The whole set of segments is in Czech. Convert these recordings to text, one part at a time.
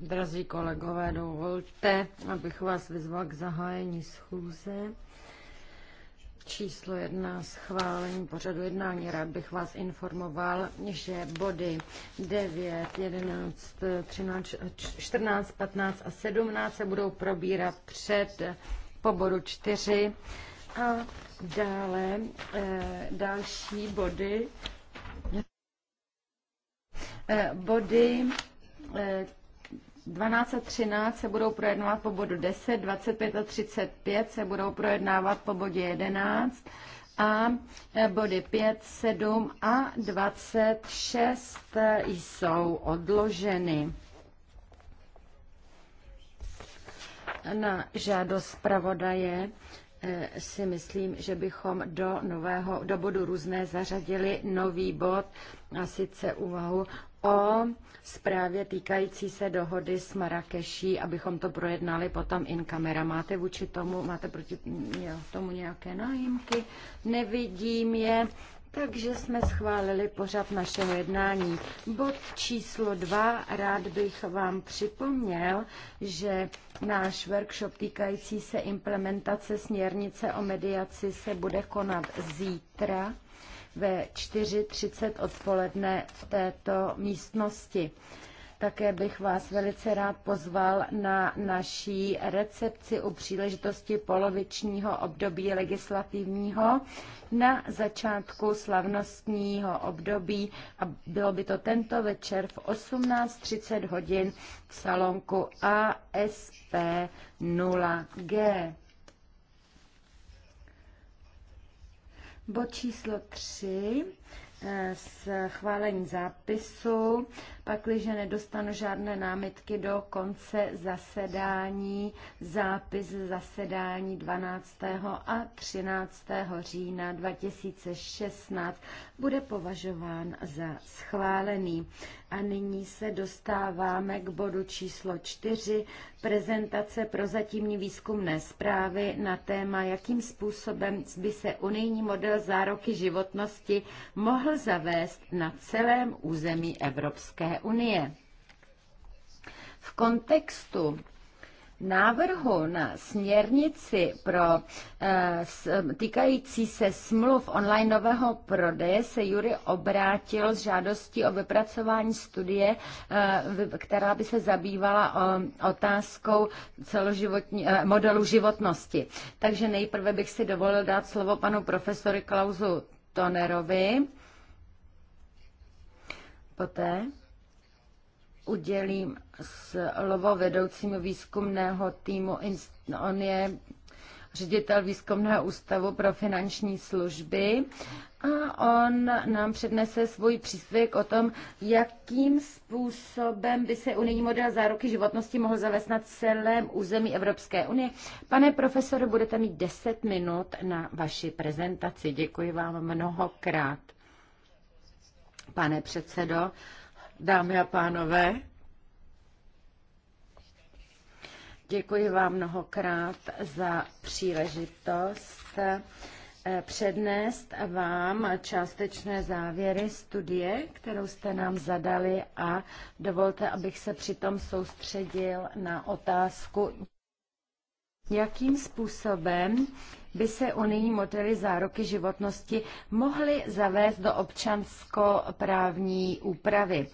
Drazí kolegové, dovolte, abych vás vyzval k zahájení schůze. Číslo jedna schválení pořadu jednání. Rád bych vás informoval, že body 9, 11, 13, 14, 15 a 17 se budou probírat před po bodu 4 a dále e, další body Eh, body 12 eh, a 13 se budou projednávat po bodu 10, 25 a 35 se budou projednávat po bodě 11 a eh, body 5, 7 a 26 jsou odloženy. Na žádost zpravodaje Eh, si myslím, že bychom do, nového, do bodu různé zařadili nový bod, a sice úvahu o zprávě týkající se dohody s Marrakeší, abychom to projednali potom in kamera. Máte vůči tomu, máte proti jo, tomu nějaké nájimky? Nevidím je, takže jsme schválili pořad našeho jednání. Bod číslo dva. Rád bych vám připomněl, že náš workshop týkající se implementace směrnice o mediaci se bude konat zítra ve 4.30 odpoledne v této místnosti. Také bych vás velice rád pozval na naší recepci u příležitosti polovičního období legislativního na začátku slavnostního období a bylo by to tento večer v 18.30 hodin v salonku ASP 0G. Bod číslo 3 eh, schválení zápisu Pakliže nedostanu žádné námitky do konce zasedání, zápis zasedání 12. a 13. října 2016 bude považován za schválený. A nyní se dostáváme k bodu číslo 4, prezentace prozatímní výzkumné zprávy na téma, jakým způsobem by se unijní model zároky životnosti mohl zavést na celém území Evropské unie. V kontextu návrhu na směrnici pro eh, týkající se smluv online nového prodeje se Jury obrátil s žádostí o vypracování studie, eh, která by se zabývala otázkou celoživotní, eh, modelu životnosti. Takže nejprve bych si dovolil dát slovo panu profesoru Klausu Tonerovi. Poté udělím slovo vedoucímu výzkumného týmu. On je ředitel výzkumného ústavu pro finanční služby a on nám přednese svůj příspěvek o tom, jakým způsobem by se unijní model záruky životnosti mohl zavést na celém území Evropské unie. Pane profesore, budete mít 10 minut na vaši prezentaci. Děkuji vám mnohokrát. Pane předsedo, Dámy a pánové, děkuji vám mnohokrát za příležitost eh, přednést vám částečné závěry studie, kterou jste nám zadali a dovolte, abych se přitom soustředil na otázku, jakým způsobem by se unijní modely záruky životnosti mohly zavést do občanskoprávní úpravy.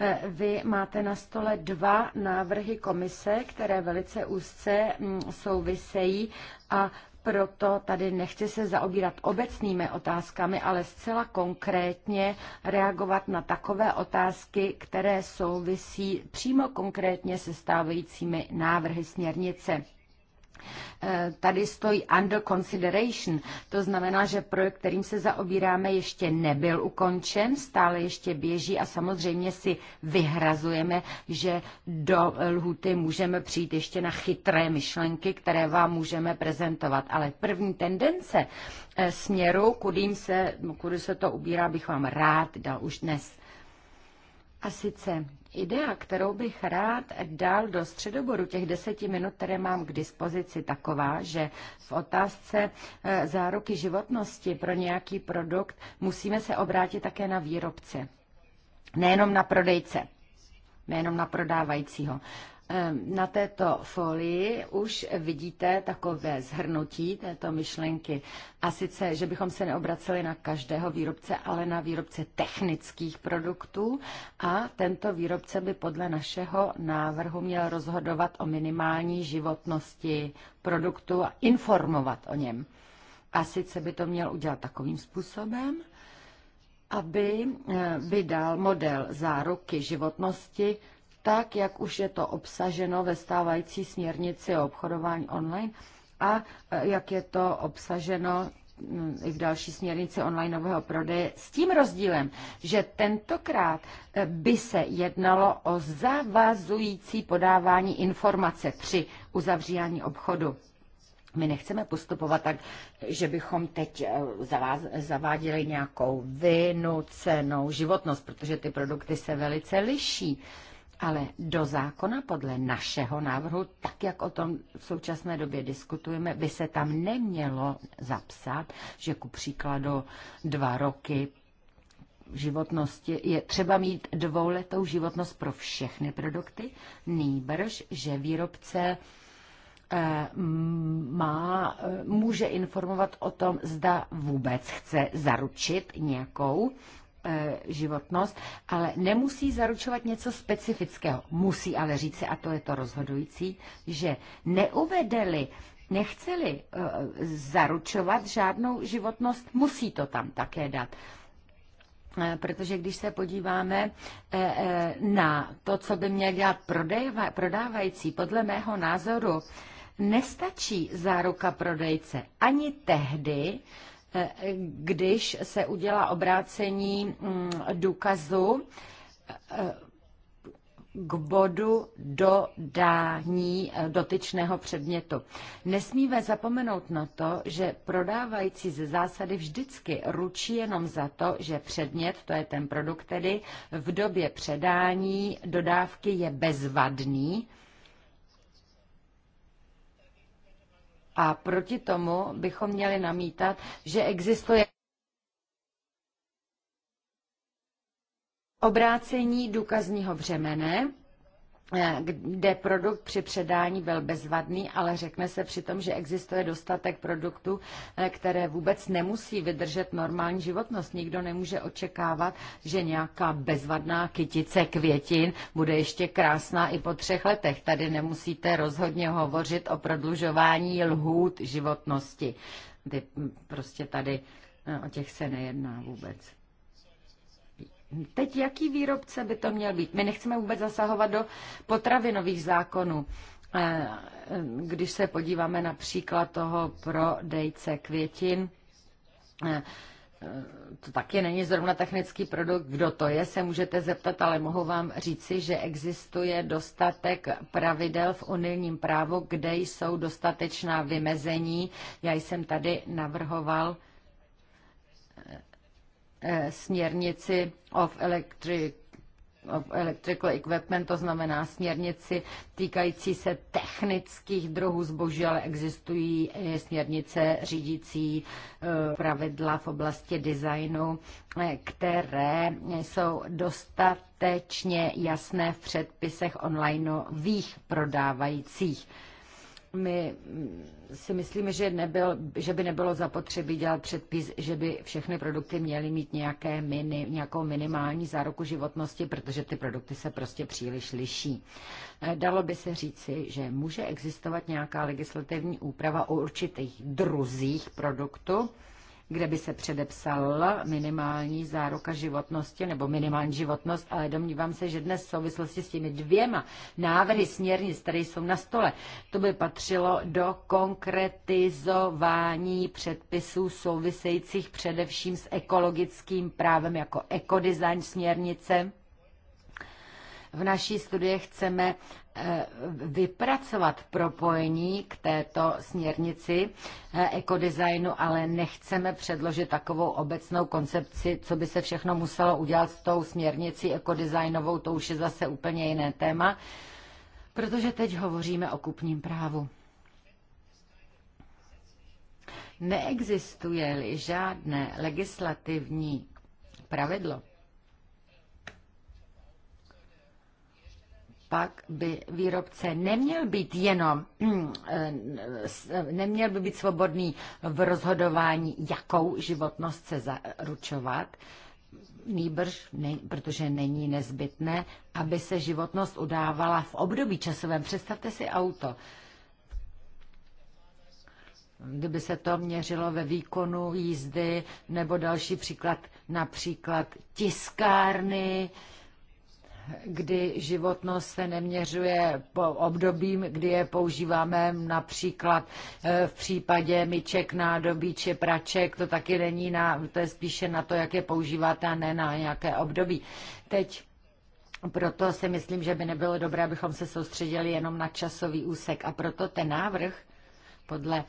E, vy máte na stole dva návrhy komise, které velice úzce mm, souvisejí a proto tady nechci se zaobírat obecnými otázkami, ale zcela konkrétně reagovat na takové otázky, které souvisí přímo konkrétně se stávajícími návrhy směrnice. Eh, tady stojí under consideration. To znamená, že projekt, kterým se zaobíráme, ještě nebyl ukončen, stále ještě běží a samozřejmě si vyhrazujeme, že do lhuty můžeme přijít ještě na chytré myšlenky, které vám můžeme prezentovat. Ale první tendence eh, směru, kudým se, kudy se to ubírá, bych vám rád dal už dnes. A sice Idea, kterou bych rád dal do středoboru těch deseti minut, které mám k dispozici, taková, že v otázce eh, záruky životnosti pro nějaký produkt musíme se obrátit také na výrobce, nejenom na prodejce nejenom na prodávajícího. Na této folii už vidíte takové zhrnutí této myšlenky. A sice, že bychom se neobraceli na každého výrobce, ale na výrobce technických produktů. A tento výrobce by podle našeho návrhu měl rozhodovat o minimální životnosti produktu a informovat o něm. A sice by to měl udělat takovým způsobem, aby vydal eh, model záruky životnosti tak jak už je to obsaženo ve stávající směrnici o obchodování online a e, jak je to obsaženo mm, i v další směrnici onlineového prodeje s tím rozdílem, že tentokrát e, by se jednalo o zavazující podávání informace při uzavřívání obchodu. My nechceme postupovat tak, že bychom teď e, zaváděli nějakou vynucenou životnost, protože ty produkty se velice liší ale do zákona podle našeho návrhu, tak jak o tom v současné době diskutujeme, by se tam nemělo zapsat, že ku příkladu dva roky životnosti je třeba mít dvouletou životnost pro všechny produkty, nýbrž, že výrobce eh, má, eh, může informovat o tom, zda vůbec chce zaručit nějakou Eh, životnost, ale nemusí zaručovat něco specifického. Musí ale říci, a to je to rozhodující, že neuvedeli nechceli eh, zaručovat žádnou životnost, musí to tam také dát. Eh, protože když se podíváme na to, co by měl dělat prodávající, podle mého názoru nestačí záruka prodejce ani tehdy, když se udělá obrácení mm, důkazu eh, k bodu dodání eh, dotyčného předmětu. Nesmíme zapomenout na to, že prodávající ze zásady vždycky ručí jenom za to, že předmět, to je ten produkt tedy, v době předání dodávky je bezvadný, A proti tomu bychom měli namítat, že existuje obrácení důkazního břemene, Eh, kde produkt při předání byl bezvadný, ale řekne se přitom, že existuje dostatek produktů, eh, které vůbec nemusí vydržet normální životnost. Nikdo nemůže očekávat, že nějaká bezvadná kytice květin bude ještě krásná i po třech letech. Tady nemusíte rozhodně hovořit o prodlužování lhůt životnosti. Ty hm, prostě tady eh, o těch se nejedná vůbec. Teď jaký výrobce by to měl být? My nechceme vůbec zasahovat do potravinových zákonů. Eh, eh, když se podíváme na příklad toho dejce květin, eh, to taky není zrovna technický produkt, kdo to je, se můžete zeptat, ale mohu vám říci, že existuje dostatek pravidel v unijním právu, kde jsou dostatečná vymezení. Já jsem tady navrhoval Eh, směrnici of electric of electrical equipment, to znamená směrnici týkající se technických druhů zboží, ale existují směrnice řídící eh, pravidla v oblasti designu, eh, které jsou dostatečně jasné v předpisech onlineových prodávajících my si myslíme, že, nebyl, že by nebylo zapotřebí dělat předpis, že by všechny produkty měly mít nějaké mini, nějakou minimální záruku životnosti, protože ty produkty se prostě příliš liší. Eh, dalo by se říci, že může existovat nějaká legislativní úprava o určitých druzích produktu, kde by se předepsala minimální záruka životnosti nebo minimální životnost, ale domnívám se, že dnes v souvislosti s těmi dvěma návrhy směrnic, které jsou na stole, to by patřilo do konkretizování předpisů souvisejících především s ekologickým právem jako ekodesign směrnice v naší studii chceme eh, vypracovat propojení k této směrnici eh, ekodesignu, ale nechceme předložit takovou obecnou koncepci, co by se všechno muselo udělat s tou směrnicí ekodesignovou, to už je zase úplně jiné téma, protože teď hovoříme o kupním právu. Neexistuje-li žádné legislativní pravidlo, pak by výrobce neměl být jenom, mm, eh, neměl by být svobodný v rozhodování, jakou životnost se zaručovat, nýbrž, ne, protože není nezbytné, aby se životnost udávala v období časovém. Představte si auto. Kdyby se to měřilo ve výkonu jízdy, nebo další příklad, například tiskárny, kdy životnost se neměřuje po obdobím, kdy je používáme například e, v případě myček, nádobí či praček, to taky není na, to je spíše na to, jak je používáte a ne na nějaké období. Teď proto si myslím, že by nebylo dobré, abychom se soustředili jenom na časový úsek a proto ten návrh podle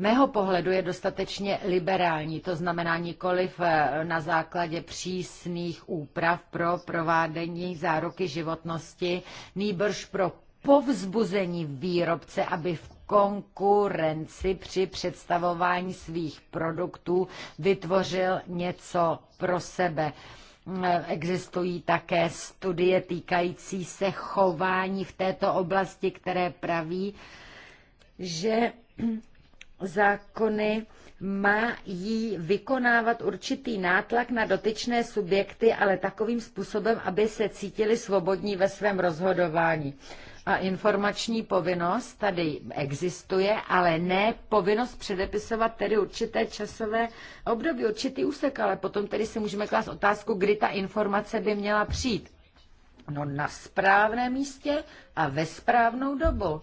mého pohledu je dostatečně liberální, to znamená nikoliv eh, na základě přísných úprav pro provádění záruky životnosti, nýbrž pro povzbuzení výrobce, aby v konkurenci při představování svých produktů vytvořil něco pro sebe. Mm, eh, existují také studie týkající se chování v této oblasti, které praví, že zákony mají vykonávat určitý nátlak na dotyčné subjekty, ale takovým způsobem, aby se cítili svobodní ve svém rozhodování. A informační povinnost tady existuje, ale ne povinnost předepisovat tedy určité časové období, určitý úsek, ale potom tedy si můžeme klást otázku, kdy ta informace by měla přijít. No na správném místě a ve správnou dobu.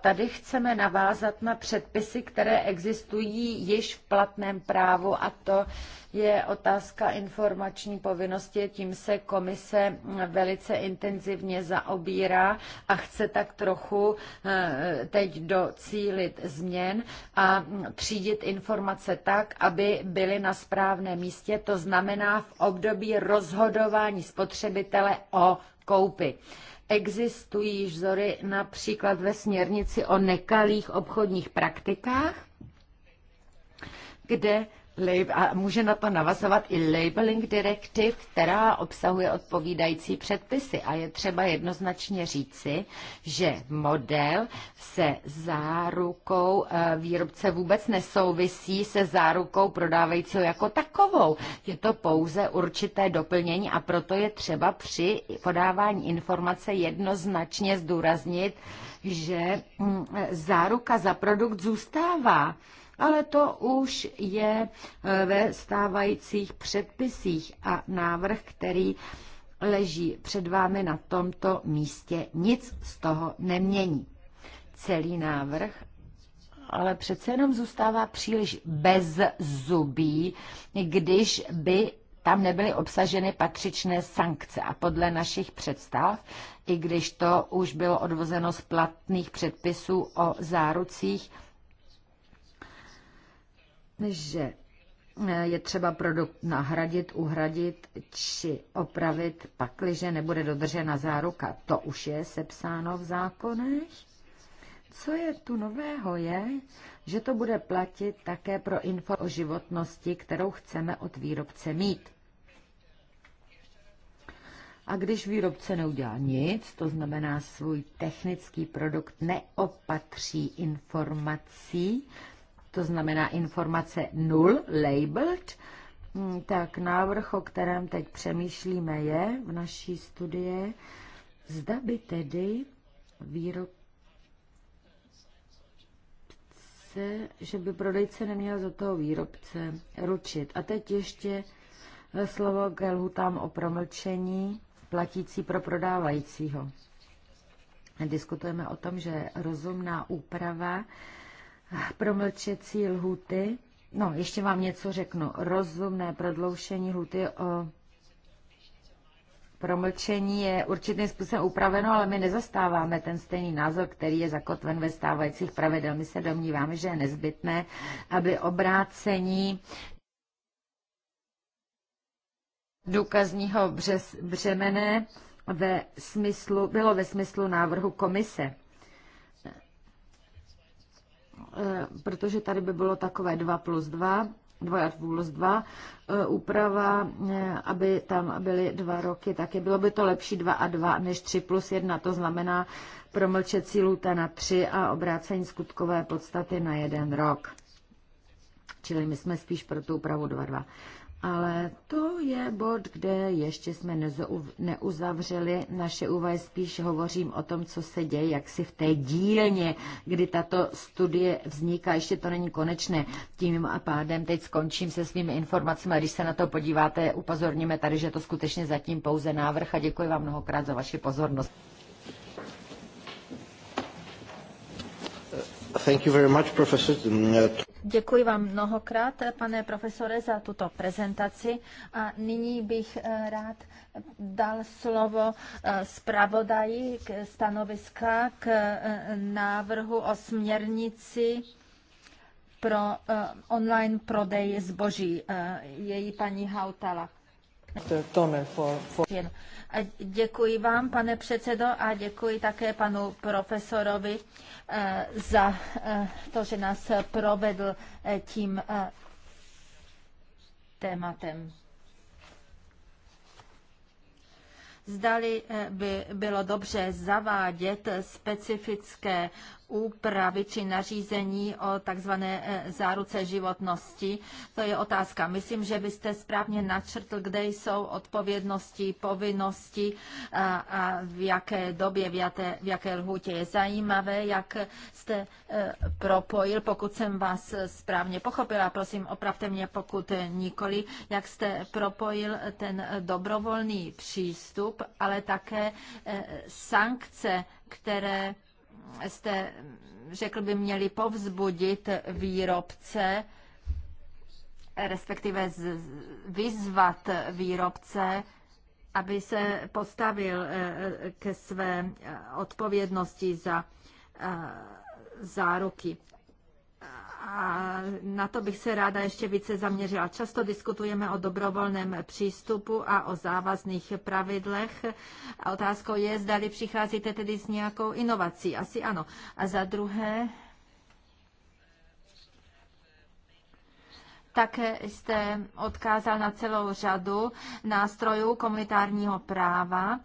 Tady chceme navázat na předpisy, které existují již v platném právu a to je otázka informační povinnosti. Tím se komise velice intenzivně zaobírá a chce tak trochu eh, teď docílit změn a třídit informace tak, aby byly na správném místě. To znamená v období rozhodování spotřebitele o koupi. Existují vzory například ve směrnici o nekalých obchodních praktikách, kde a může na to navazovat i labeling directive, která obsahuje odpovídající předpisy. A je třeba jednoznačně říci, že model se zárukou eh, výrobce vůbec nesouvisí se zárukou prodávajícího jako takovou. Je to pouze určité doplnění a proto je třeba při podávání informace jednoznačně zdůraznit, že mm, eh, záruka za produkt zůstává ale to už je e, ve stávajících předpisích a návrh, který leží před vámi na tomto místě, nic z toho nemění. Celý návrh ale přece jenom zůstává příliš bez zubí, když by tam nebyly obsaženy patřičné sankce a podle našich představ, i když to už bylo odvozeno z platných předpisů o zárucích, že eh, je třeba produkt nahradit, uhradit či opravit, pakliže nebude dodržena záruka. To už je sepsáno v zákonech. Co je tu nového je, že to bude platit také pro info o životnosti, kterou chceme od výrobce mít. A když výrobce neudělá nic, to znamená svůj technický produkt neopatří informací, to znamená informace null labeled, hmm, tak návrh, o kterém teď přemýšlíme, je v naší studii, zda by tedy výrobce, že by prodejce neměl za toho výrobce ručit. A teď ještě eh, slovo k lhutám o promlčení platící pro prodávajícího. Diskutujeme o tom, že rozumná úprava promlčecí lhuty. No, ještě vám něco řeknu. Rozumné prodloušení lhuty o promlčení je určitým způsobem upraveno, ale my nezastáváme ten stejný názor, který je zakotven ve stávajících pravidel. My se domníváme, že je nezbytné, aby obrácení důkazního břemene ve smyslu, bylo ve smyslu návrhu komise. Eh, protože tady by bylo takové 2 plus 2, 2 plus 2 eh, úprava, eh, aby tam byly dva roky, tak je, bylo by to lepší 2 a 2 než 3 plus 1, to znamená promlčecí lůta na 3 a obrácení skutkové podstaty na jeden rok. Čili my jsme spíš pro tu úpravu 2 2. Ale to je bod, kde ještě jsme neuzavřeli naše úvahy, spíš hovořím o tom, co se děje, jak si v té dílně, kdy tato studie vzniká, ještě to není konečné. Tím a pádem teď skončím se svými informacemi, když se na to podíváte, upozorníme tady, že to skutečně zatím pouze návrh a děkuji vám mnohokrát za vaši pozornost. Děkuji vám mnohokrát, pane profesore, za tuto prezentaci a nyní bych eh, rád dal slovo eh, zpravodaji k stanoviska k eh, návrhu o směrnici pro online prodej zboží, její paní Hautala. Děkuji vám, pane předsedo, a děkuji také panu profesorovi eh, za eh, to, že nás provedl eh, tím tématem. Zdali by bylo dobře zavádět specifické úpravy či nařízení o takzvané e, záruce životnosti. To je otázka. Myslím, že byste správně načrtl, kde jsou odpovědnosti, povinnosti a, e, a v jaké době, v jaké, v jaké lhůtě. Je zajímavé, jak jste e, propojil, pokud jsem vás správně pochopila, prosím, opravte mě, pokud nikoli, jak jste propojil ten dobrovolný přístup, ale také sankce, které jste, řekl by, měli povzbudit výrobce, respektive z, vyzvat výrobce, aby se postavil eh, eh, ke své eh, odpovědnosti za záruky. A na to bych se ráda ještě více zaměřila. Často diskutujeme o dobrovolném přístupu a o závazných pravidlech. A otázkou je, zdali přicházíte tedy s nějakou inovací. Asi ano. A za druhé, Také jste odkázal na celou řadu nástrojů komunitárního práva,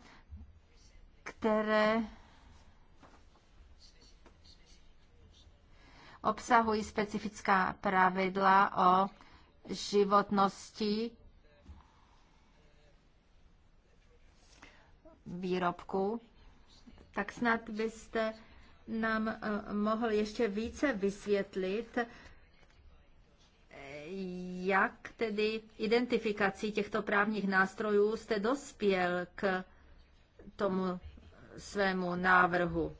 které obsahují specifická pravidla o životnosti výrobku, tak snad byste nám eh, mohl ještě více vysvětlit, eh, jak tedy identifikací těchto právních nástrojů jste dospěl k tomu svému návrhu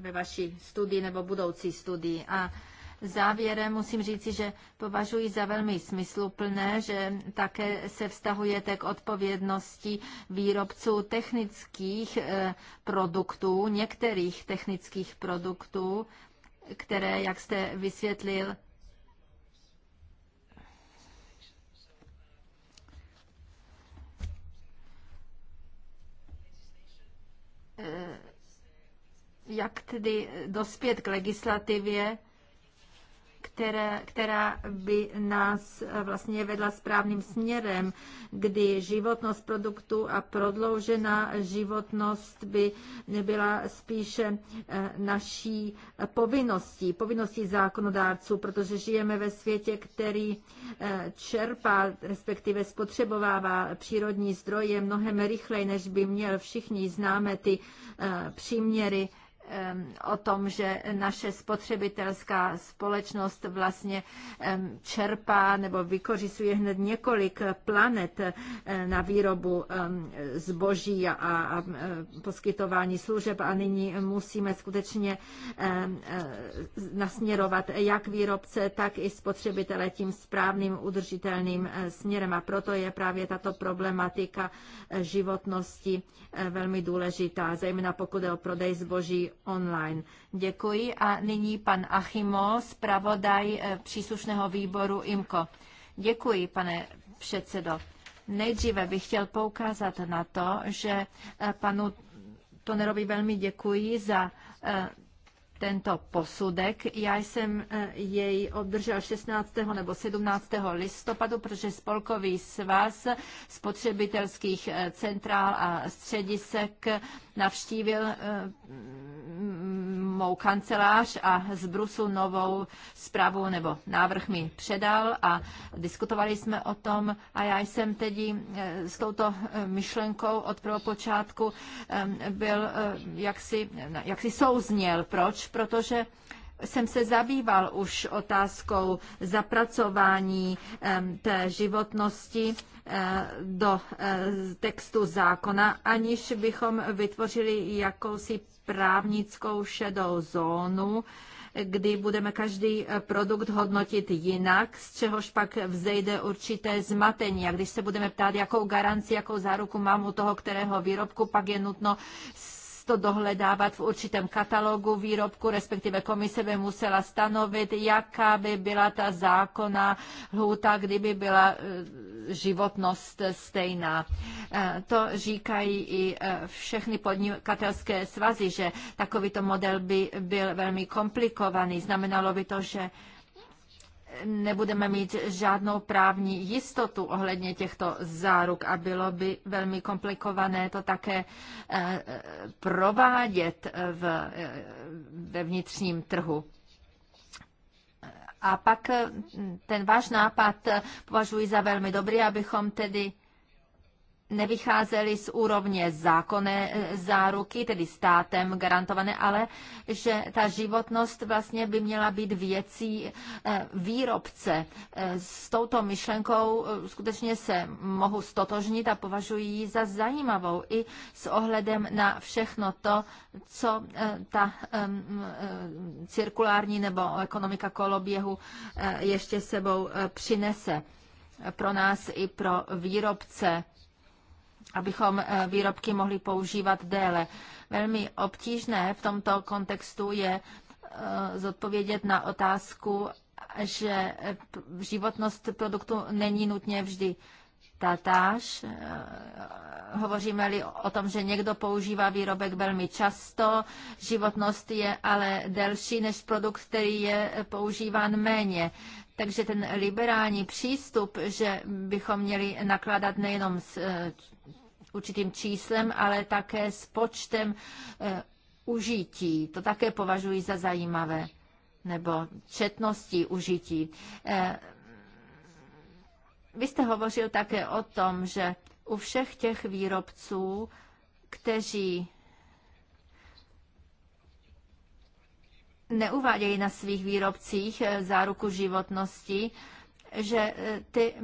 ve vaší studii nebo budoucí studii. A Závěrem musím říci, že považuji za velmi smysluplné, že také se vztahujete k odpovědnosti výrobců technických eh, produktů, některých technických produktů, které, jak jste vysvětlil, jak tedy dospět k legislativě, které, která by nás vlastně vedla správným směrem, kdy životnost produktu a prodloužená životnost by byla spíše eh, naší povinností, povinností zákonodárců, protože žijeme ve světě, který eh, čerpá, respektive spotřebovává přírodní zdroje mnohem rychleji, než by měl. Všichni známe ty eh, příměry o tom, že naše spotřebitelská společnost vlastně čerpá nebo vykořisuje hned několik planet na výrobu zboží a poskytování služeb a nyní musíme skutečně e, nasměrovat jak výrobce, tak i spotřebitele tím správným udržitelným e, směrem a proto je právě tato problematika životnosti e, velmi důležitá, zejména pokud je o prodej zboží online. Děkuji a nyní pan Achimo, zpravodaj eh, příslušného výboru IMKO. Děkuji, pane předsedo. Nejdříve bych chtěl poukázat na to, že eh, panu Tonerovi velmi děkuji za eh, tento posudek. Já jsem eh, jej obdržel 16. nebo 17. listopadu, protože Spolkový svaz spotřebitelských eh, centrál a středisek navštívil eh, mou kancelář a z Brusu novou zprávu nebo návrh mi předal a diskutovali jsme o tom a já jsem tedy s touto myšlenkou od prvopočátku byl jaksi, jaksi souzněl. Proč? protože jsem se zabýval už otázkou zapracování té životnosti eh, do eh, textu zákona, aniž bychom vytvořili jakousi právnickou šedou zónu, kdy budeme každý eh, produkt hodnotit jinak, z čehož pak vzejde určité zmatení. A když se budeme ptát, jakou garanci, jakou záruku mám u toho, kterého výrobku, pak je nutno to dohledávat v určitém katalogu výrobku, respektive komise by musela stanovit, jaká by byla ta zákona lhůta, kdyby byla e, životnost stejná. E, to říkají i e, všechny podnikatelské svazy, že takovýto model by byl velmi komplikovaný. Znamenalo by to, že nebudeme mít žádnou právní jistotu ohledně těchto záruk a bylo by velmi komplikované to také eh, provádět eh, v, eh, ve vnitřním trhu. A pak ten váš nápad považuji za velmi dobrý, abychom tedy nevycházely z úrovně zákonné e, záruky, tedy státem garantované, ale že ta životnost vlastně by měla být věcí e, výrobce. E, s touto myšlenkou skutečně se mohu stotožnit a považuji ji za zajímavou i s ohledem na všechno to, co ta cirkulární nebo ekonomika koloběhu ještě sebou přinese pro nás i pro výrobce abychom eh, výrobky mohli používat déle. Velmi obtížné v tomto kontextu je eh, zodpovědět na otázku, že eh, životnost produktu není nutně vždy tatáž. Hovoříme-li o tom, že někdo používá výrobek velmi často, životnost je ale delší než produkt, který je používán méně. Takže ten liberální přístup, že bychom měli nakládat nejenom s určitým číslem, ale také s počtem eh, užití. To také považuji za zajímavé. Nebo četností užití. Eh, vy jste hovořil také o tom, že u všech těch výrobců, kteří neuvádějí na svých výrobcích eh, záruku životnosti, že ty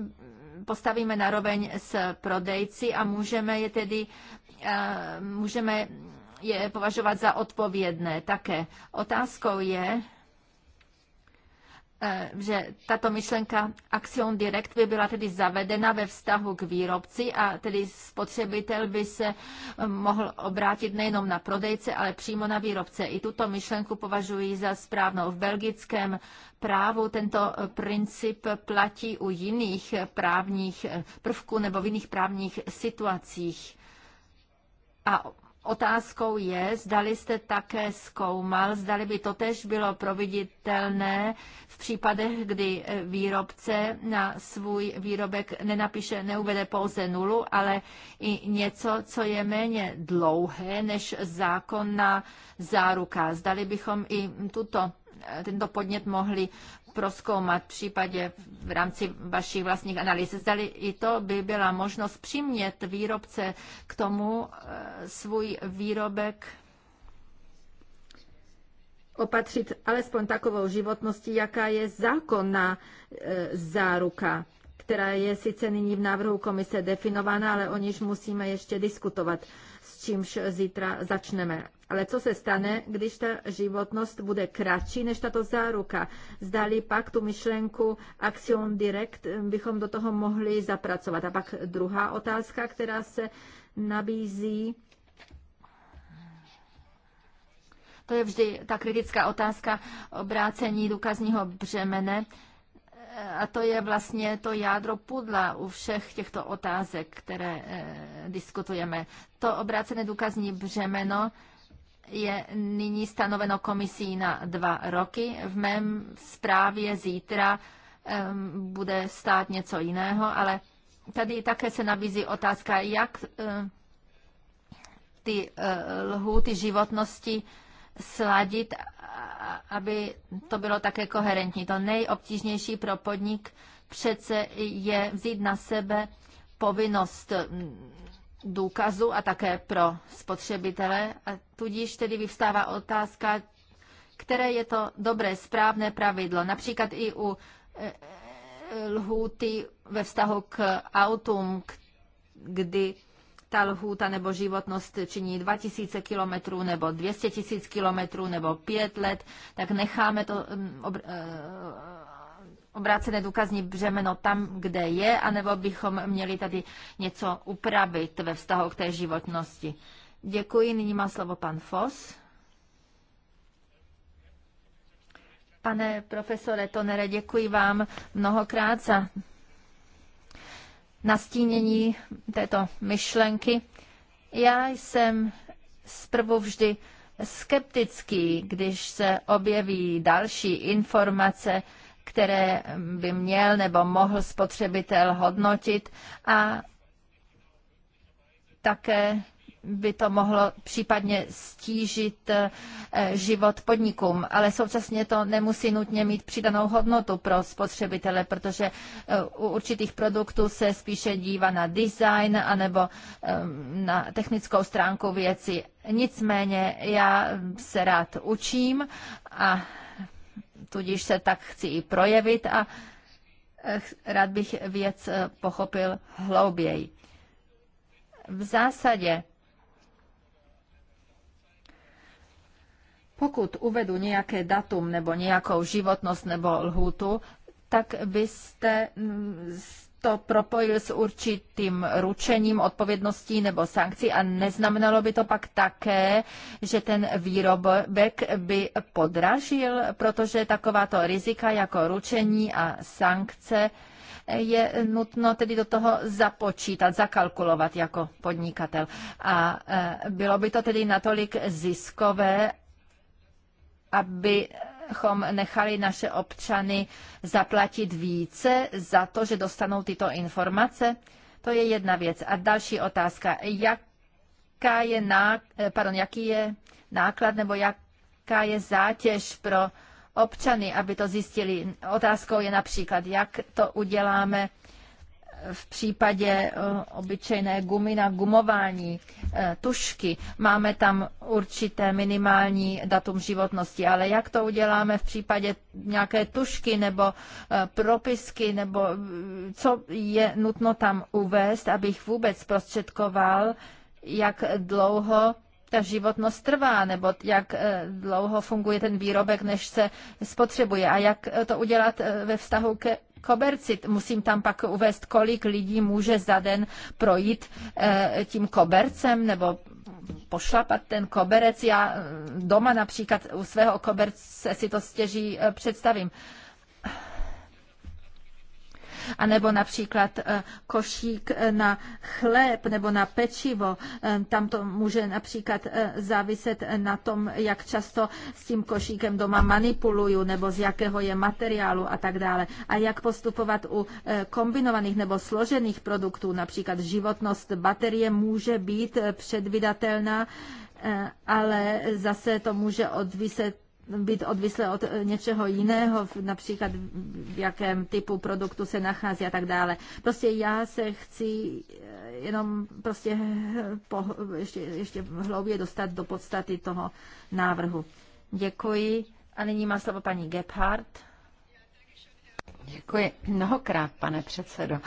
postavíme naroveň s prodejci a můžeme je tedy eh, můžeme je považovat za odpovědné také. Otázkou je, Eh, že tato myšlenka Action Direct by byla tedy zavedena ve vztahu k výrobci a tedy spotřebitel by se eh, mohl obrátit nejenom na prodejce, ale přímo na výrobce. I tuto myšlenku považuji za správnou. V belgickém právu tento eh, princip platí u jiných právních prvků nebo v jiných právních situacích. A Otázkou je, zdali jste také zkoumal, zdali by totež bylo providitelné v případech, kdy e, výrobce na svůj výrobek nenapíše, neuvede pouze nulu, ale i něco, co je méně dlouhé než zákonná záruka. Zdali bychom i tuto e, tento podnět mohli proskoumat v případě v rámci vašich vlastních analýz. Zdali i to by byla možnost přimět výrobce k tomu eh, svůj výrobek opatřit alespoň takovou životností, jaká je zákonná eh, záruka která je sice nyní v návrhu komise definována, ale o níž musíme ještě diskutovat, s čímž zítra začneme. Ale co se stane, když ta životnost bude kratší než tato záruka? Zdali pak tu myšlenku Action Direct eh, bychom do toho mohli zapracovat. A pak druhá otázka, která se nabízí. To je vždy ta kritická otázka obrácení důkazního břemene. Eh, a to je vlastně to jádro pudla u všech těchto otázek, které eh, diskutujeme. To obrácené důkazní břemeno je nyní stanoveno komisí na dva roky. V mém zprávě zítra um, bude stát něco jiného, ale tady také se nabízí otázka, jak uh, ty uh, lhůty životnosti sladit, aby to bylo také koherentní. To nejobtížnější pro podnik přece je vzít na sebe povinnost důkazu a také pro spotřebitele. A tudíž tedy vyvstává otázka, které je to dobré, správné pravidlo. Například i u e, e, lhůty ve vztahu k autům, kdy ta lhůta nebo životnost činí 2000 km nebo 200 000 km nebo 5 let, tak necháme to e, obrácené důkazní břemeno tam, kde je, anebo bychom měli tady něco upravit ve vztahu k té životnosti. Děkuji, nyní má slovo pan Fos. Pane profesore Tonere, děkuji vám mnohokrát za nastínění této myšlenky. Já jsem zprvu vždy skeptický, když se objeví další informace, které by měl nebo mohl spotřebitel hodnotit a také by to mohlo případně stížit eh, život podnikům, ale současně to nemusí nutně mít přidanou hodnotu pro spotřebitele, protože eh, u určitých produktů se spíše dívá na design anebo eh, na technickou stránku věci. Nicméně já se rád učím a tudíž se tak chci i projevit a eh, rád bych věc eh, pochopil hlouběji. V zásadě, pokud uvedu nějaké datum nebo nějakou životnost nebo lhůtu, tak byste mm, to propojil s určitým ručením, odpovědností nebo sankcí a neznamenalo by to pak také, že ten výrobek by podražil, protože takováto rizika jako ručení a sankce je nutno tedy do toho započítat, zakalkulovat jako podnikatel. A e, bylo by to tedy natolik ziskové, aby bychom nechali naše občany zaplatit více za to, že dostanou tyto informace? To je jedna věc. A další otázka. Jaká je ná, eh, pardon, jaký je náklad nebo jaká je zátěž pro občany, aby to zjistili? Otázkou je například, jak to uděláme v případě eh, obyčejné gumy na gumování eh, tušky máme tam určité minimální datum životnosti, ale jak to uděláme v případě nějaké tušky nebo eh, propisky, nebo co je nutno tam uvést, abych vůbec prostředkoval, jak dlouho ta životnost trvá, nebo jak dlouho funguje ten výrobek, než se spotřebuje a jak to udělat ve vztahu ke kobercit. Musím tam pak uvést, kolik lidí může za den projít eh, tím kobercem nebo pošlapat ten koberec. Já eh, doma například u svého koberce si to stěží eh, představím anebo například eh, košík eh, na chléb nebo na pečivo. Eh, tam to může například záviset na tom, jak často s tím košíkem doma manipuluju, nebo z jakého je materiálu a tak dále. A jak postupovat u kombinovaných nebo složených produktů, například životnost baterie může být předvydatelná ale zase to může odviset být odvislé od eh, něčeho jiného, například v jakém typu produktu se nachází a tak dále. Prostě já se chci eh, jenom prostě po, ještě, ještě hloubě dostat do podstaty toho návrhu. Děkuji. A nyní má slovo paní Gebhardt. Děkuji mnohokrát, pane předsedo.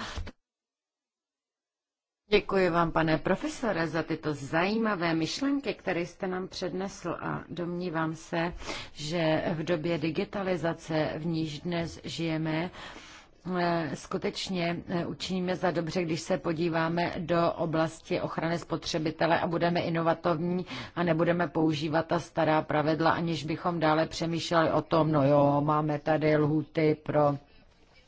Děkuji vám, pane profesore, za tyto zajímavé myšlenky, které jste nám přednesl a domnívám se, že v době digitalizace, v níž dnes žijeme, eh, skutečně eh, učiníme za dobře, když se podíváme do oblasti ochrany spotřebitele a budeme inovativní a nebudeme používat ta stará pravidla, aniž bychom dále přemýšleli o tom, no jo, máme tady lhuty pro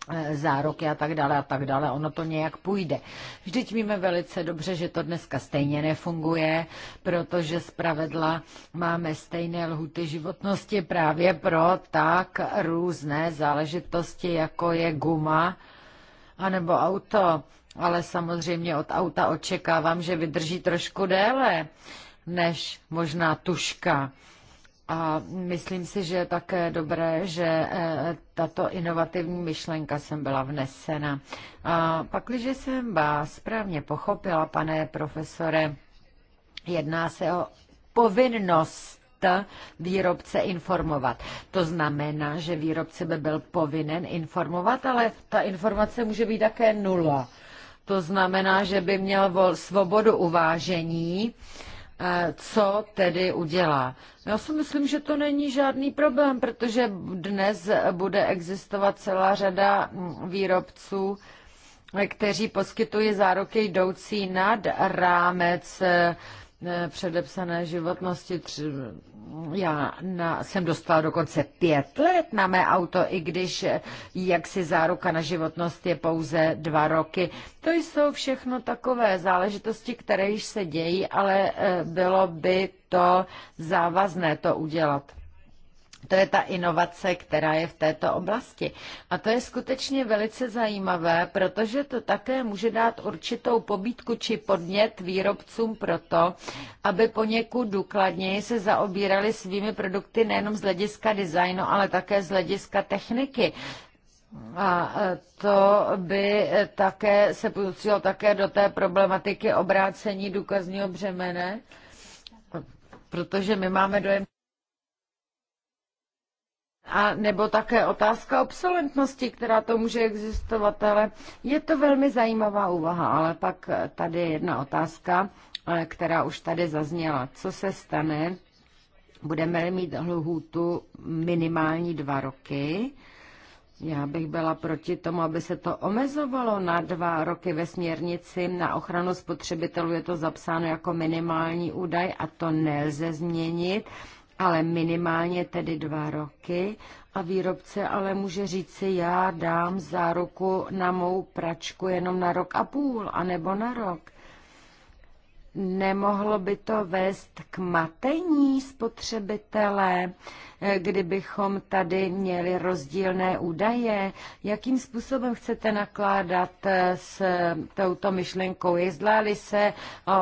Eh, záruky a tak dále a tak dále. Ono to nějak půjde. Vždyť víme velice dobře, že to dneska stejně nefunguje, protože z pravidla máme stejné lhuty životnosti právě pro tak různé záležitosti, jako je guma anebo auto. Ale samozřejmě od auta očekávám, že vydrží trošku déle než možná tuška a myslím si, že je také dobré, že eh, tato inovativní myšlenka sem byla vnesena. A pak, když jsem vás správně pochopila, pane profesore, jedná se o povinnost výrobce informovat. To znamená, že výrobce by byl povinen informovat, ale ta informace může být také nula. To znamená, že by měl svobodu uvážení Eh, co tedy udělá. Já si myslím, že to není žádný problém, protože dnes bude existovat celá řada mm, výrobců, eh, kteří poskytují záruky jdoucí nad rámec eh, Eh, předepsané životnosti. Tři, já na, jsem dostala dokonce pět let na mé auto, i když eh, jak si záruka na životnost je pouze dva roky. To jsou všechno takové záležitosti, které již se dějí, ale eh, bylo by to závazné to udělat. To je ta inovace, která je v této oblasti. A to je skutečně velice zajímavé, protože to také může dát určitou pobídku či podnět výrobcům proto, aby poněkud důkladněji se zaobírali svými produkty nejenom z hlediska designu, ale také z hlediska techniky. A e, to by e, také se pustilo také do té problematiky obrácení důkazního břemene, protože my máme dojem, a nebo také otázka obsolentnosti, která to může existovat, ale je to velmi zajímavá úvaha. Ale pak tady je jedna otázka, eh, která už tady zazněla. Co se stane? Budeme mít lhůtu minimální dva roky. Já bych byla proti tomu, aby se to omezovalo na dva roky ve směrnici. Na ochranu spotřebitelů je to zapsáno jako minimální údaj a to nelze změnit ale minimálně tedy dva roky a výrobce ale může si, já dám záruku na mou pračku jenom na rok a půl, anebo na rok. Nemohlo by to vést k matení spotřebitele, eh, kdybychom tady měli rozdílné údaje? Jakým způsobem chcete nakládat eh, s touto myšlenkou? Jezdláli se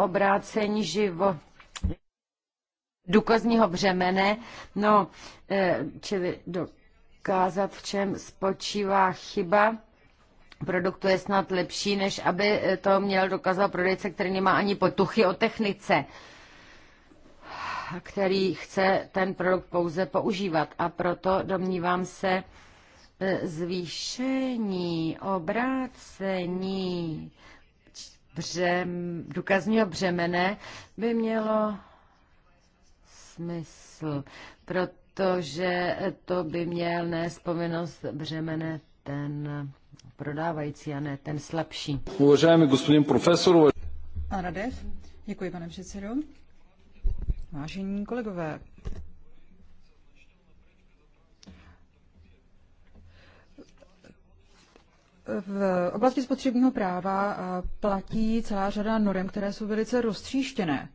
obrácení života? důkazního břemene, no, e, čili dokázat, v čem spočívá chyba produktu je snad lepší, než aby e, to měl dokázat prodejce, který nemá ani potuchy o technice který chce ten produkt pouze používat. A proto domnívám se, e, zvýšení, obrácení břem, důkazního břemene by mělo smysl, protože to by měl nést břemene ten prodávající a ne ten slabší. Uvažujeme gospodin profesor. A Radev, děkuji pane předsedo. Vážení kolegové, V oblasti spotřebního práva platí celá řada norm, které jsou velice roztříštěné.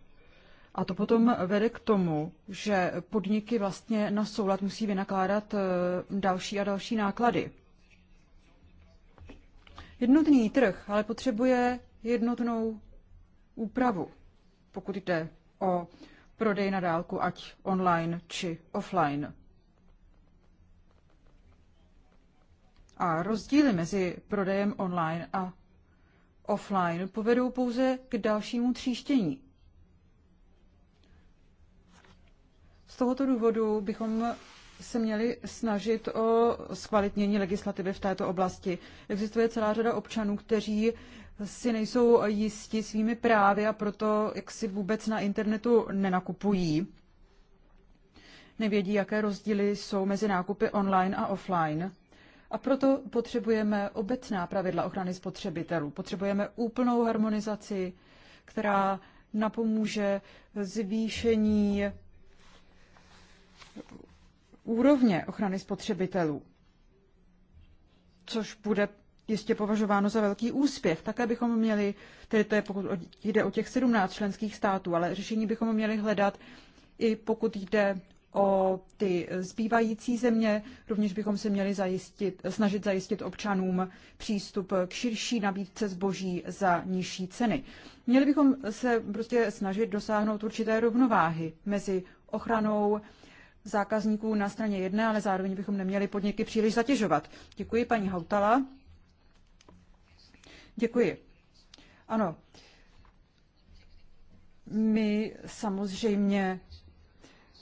A to potom vede k tomu, že podniky vlastně na soulad musí vynakládat eh, další a další náklady. Jednotný trh ale potřebuje jednotnou úpravu, pokud jde o prodej na dálku, ať online či offline. A rozdíly mezi prodejem online a offline povedou pouze k dalšímu tříštění. Z tohoto důvodu bychom se měli snažit o zkvalitnění legislativy v této oblasti. Existuje celá řada občanů, kteří si nejsou jisti svými právy a proto jak si vůbec na internetu nenakupují. Nevědí, jaké rozdíly jsou mezi nákupy online a offline. A proto potřebujeme obecná pravidla ochrany spotřebitelů. Potřebujeme úplnou harmonizaci, která napomůže zvýšení úrovně ochrany spotřebitelů, což bude jistě považováno za velký úspěch. Také bychom měli, tedy to je pokud jde o těch 17 členských států, ale řešení bychom měli hledat i pokud jde o ty zbývající země. Rovněž bychom se měli zajistit, snažit zajistit občanům přístup k širší nabídce zboží za nižší ceny. Měli bychom se prostě snažit dosáhnout určité rovnováhy mezi ochranou zákazníků na straně jedné, ale zároveň bychom neměli podniky příliš zatěžovat. Děkuji, paní Hautala. Děkuji. Ano, my samozřejmě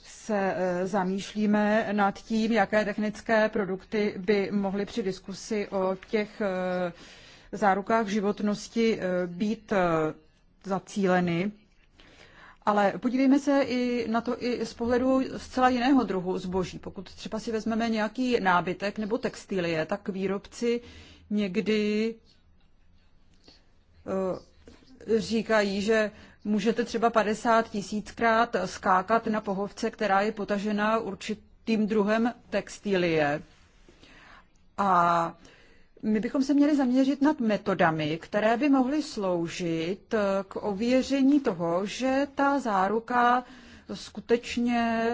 se eh, zamýšlíme nad tím, jaké technické produkty by mohly při diskusi o těch eh, zárukách životnosti eh, být zacíleny. Ale podívejme se i na to i z pohledu zcela jiného druhu zboží. Pokud třeba si vezmeme nějaký nábytek nebo textilie, tak výrobci někdy eh, říkají, že můžete třeba 50 tisíckrát skákat na pohovce, která je potažena určitým druhem textilie. A my bychom se měli zaměřit nad metodami, které by mohly sloužit eh, k ověření toho, že ta záruka skutečně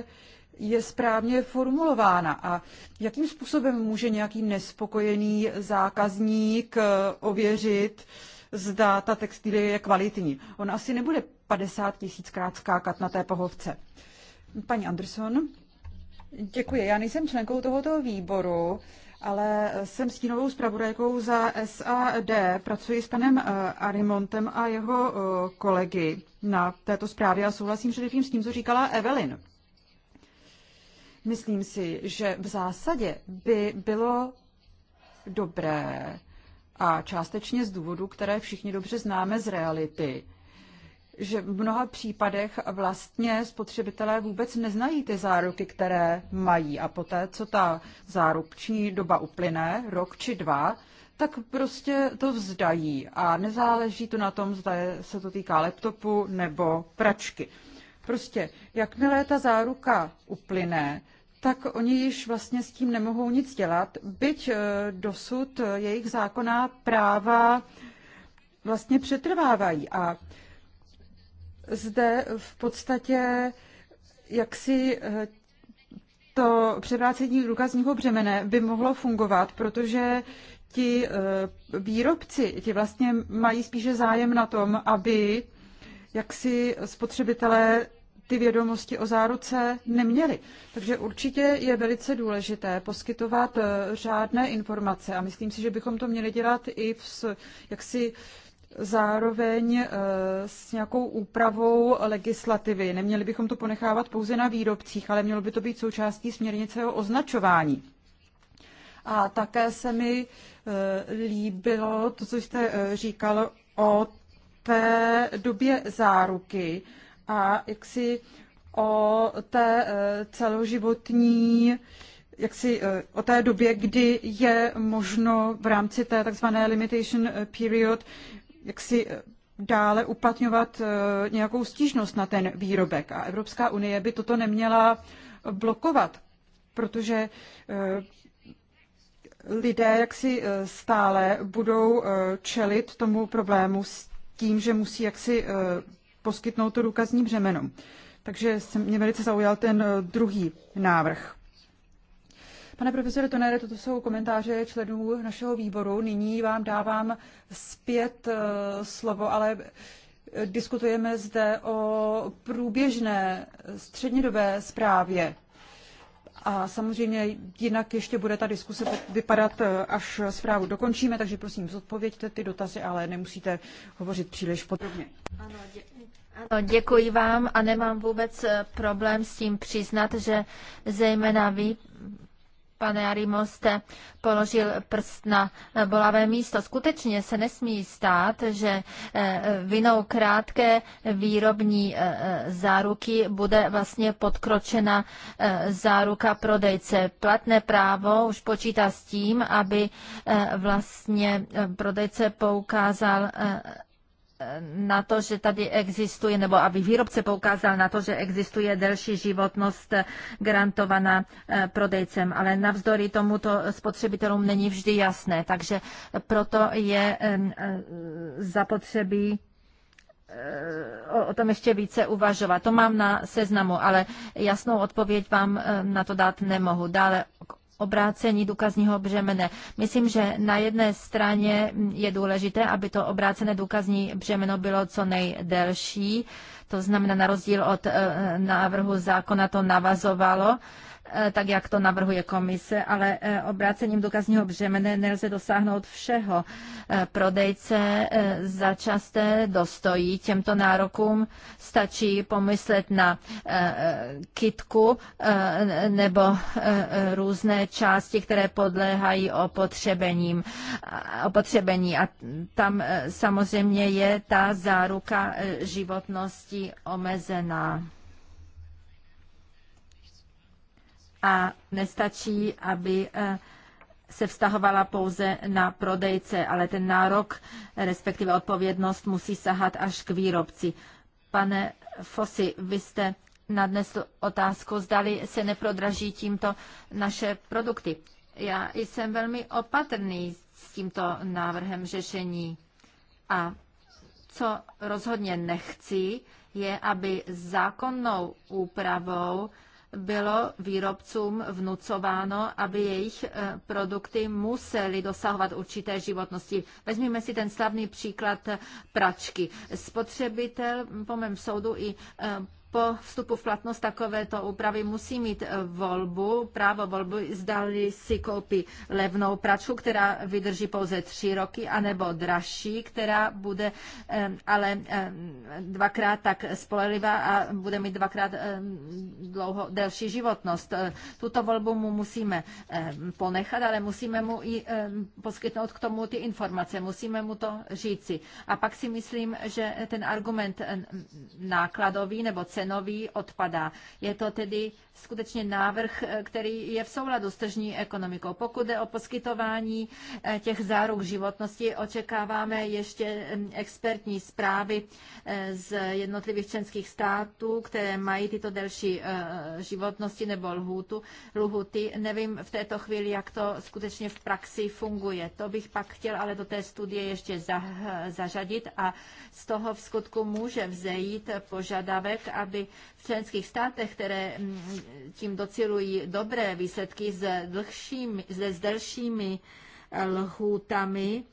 je správně formulována a jakým způsobem může nějaký nespokojený zákazník eh, ověřit, zda ta textilie je kvalitní. On asi nebude 50 tisíckrát skákat na té pohovce. Paní Anderson, děkuji. Já nejsem členkou tohoto výboru, ale jsem stínovou zpravodajkou za SAD. Pracuji s panem eh, Arimontem a jeho eh, kolegy na této zprávě a souhlasím především s tím, co říkala Evelyn. Myslím si, že v zásadě by bylo dobré a částečně z důvodu, které všichni dobře známe z reality, že v mnoha případech vlastně spotřebitelé vůbec neznají ty záruky, které mají. A poté, co ta zárukční doba uplyne, rok či dva, tak prostě to vzdají a nezáleží to na tom, zda se to týká laptopu nebo pračky. Prostě, jakmile ta záruka uplyne, tak oni již vlastně s tím nemohou nic dělat, byť e, dosud jejich zákonná práva vlastně přetrvávají. A zde v podstatě jaksi eh, to převrácení důkazního břemene by mohlo fungovat, protože ti eh, výrobci, ti vlastně mají spíše zájem na tom, aby jaksi spotřebitelé ty vědomosti o záruce neměli. Takže určitě je velice důležité poskytovat eh, řádné informace a myslím si, že bychom to měli dělat i v, jaksi zároveň eh, s nějakou úpravou legislativy. Neměli bychom to ponechávat pouze na výrobcích, ale mělo by to být součástí směrnice o označování. A také se mi eh, líbilo to, co jste eh, říkal o té době záruky a jak si o té celoživotní jak si o té době, kdy je možno v rámci té takzvané limitation period jak si eh, dále uplatňovat eh, nějakou stížnost na ten výrobek. A Evropská unie by toto neměla blokovat, protože eh, lidé jaksi stále budou čelit tomu problému s tím, že musí jaksi poskytnout to důkazní břemeno. Takže mě velice zaujal ten druhý návrh. Pane profesore Tonere, toto jsou komentáře členů našeho výboru. Nyní vám dávám zpět eh, slovo, ale eh, diskutujeme zde o průběžné střednědobé zprávě. A samozřejmě jinak ještě bude ta diskuse vypadat, eh, až zprávu dokončíme, takže prosím zodpověďte ty dotazy, ale nemusíte hovořit příliš podrobně. Ano, děkuji vám a nemám vůbec problém s tím přiznat, že zejména vy, pane Arimoste, položil prst na bolavé místo. Skutečně se nesmí stát, že eh, vinou krátké výrobní eh, eh, záruky bude vlastně podkročena záruka prodejce. Platné právo už počítá s tím, aby vlastně prodejce poukázal na to, že tady existuje, nebo aby výrobce poukázal na to, že existuje delší životnost garantovaná eh, prodejcem, ale navzdory tomuto spotřebitelům není vždy jasné, takže proto je eh, eh, zapotřebí o tom ještě více uvažovat. To mám na seznamu, ale jasnou odpověď vám na to dát nemohu. Dále obrácení důkazního břemene. Myslím, že na jedné straně je důležité, aby to obrácené důkazní břemeno bylo co nejdelší, to znamená na rozdíl od eh, návrhu zákona to navazovalo Eh, tak jak to navrhuje komise, ale eh, obrácením důkazního břemene nelze dosáhnout všeho. Eh, prodejce začasté dostojí těmto nárokům, stačí pomyslet na kitku nebo různé části, které podléhají opotřebením, opotřebení a tam samozřejmě je ta záruka životnosti omezená. a nestačí, aby eh, se vztahovala pouze na prodejce, ale ten nárok, respektive odpovědnost, musí sahat až k výrobci. Pane Fosy, vy jste nadnesl otázku, zdali se neprodraží tímto naše produkty. Já jsem velmi opatrný s tímto návrhem řešení a co rozhodně nechci, je, aby zákonnou úpravou bylo výrobcům vnucováno, aby jejich eh, produkty musely dosahovat určité životnosti. Vezměme si ten slavný příklad eh, pračky. Spotřebitel po mém soudu i eh, po vstupu v platnost takovéto úpravy musí mít e, volbu, právo volby, zdali si koupí levnou pračku, která vydrží pouze tři roky, anebo dražší, která bude ale dvakrát tak spolehlivá a bude mít dvakrát dlouho, delší životnost. E, tuto volbu mu musíme ponechat, ale musíme mu i poskytnout k tomu ty informace, musíme mu to říci. A pak si myslím, že ten argument nákladový nebo cenový, cenový odpadá. Je to tedy skutečně návrh, eh, který je v souladu s tržní ekonomikou. Pokud je o poskytování eh, těch záruk životnosti, očekáváme ještě hm, expertní zprávy eh, z jednotlivých členských států, které mají tyto delší životnosti nebo lhůtu, lhuty. Nevím v této chvíli, jak to skutečně v praxi funguje. To bych pak chtěl ale do té studie ještě za, zařadit a z toho v skutku může vzejít požadavek, aby v členských státech, které hm, tím docílují dobré výsledky s, dlhšími, s delšími eh, lhůtami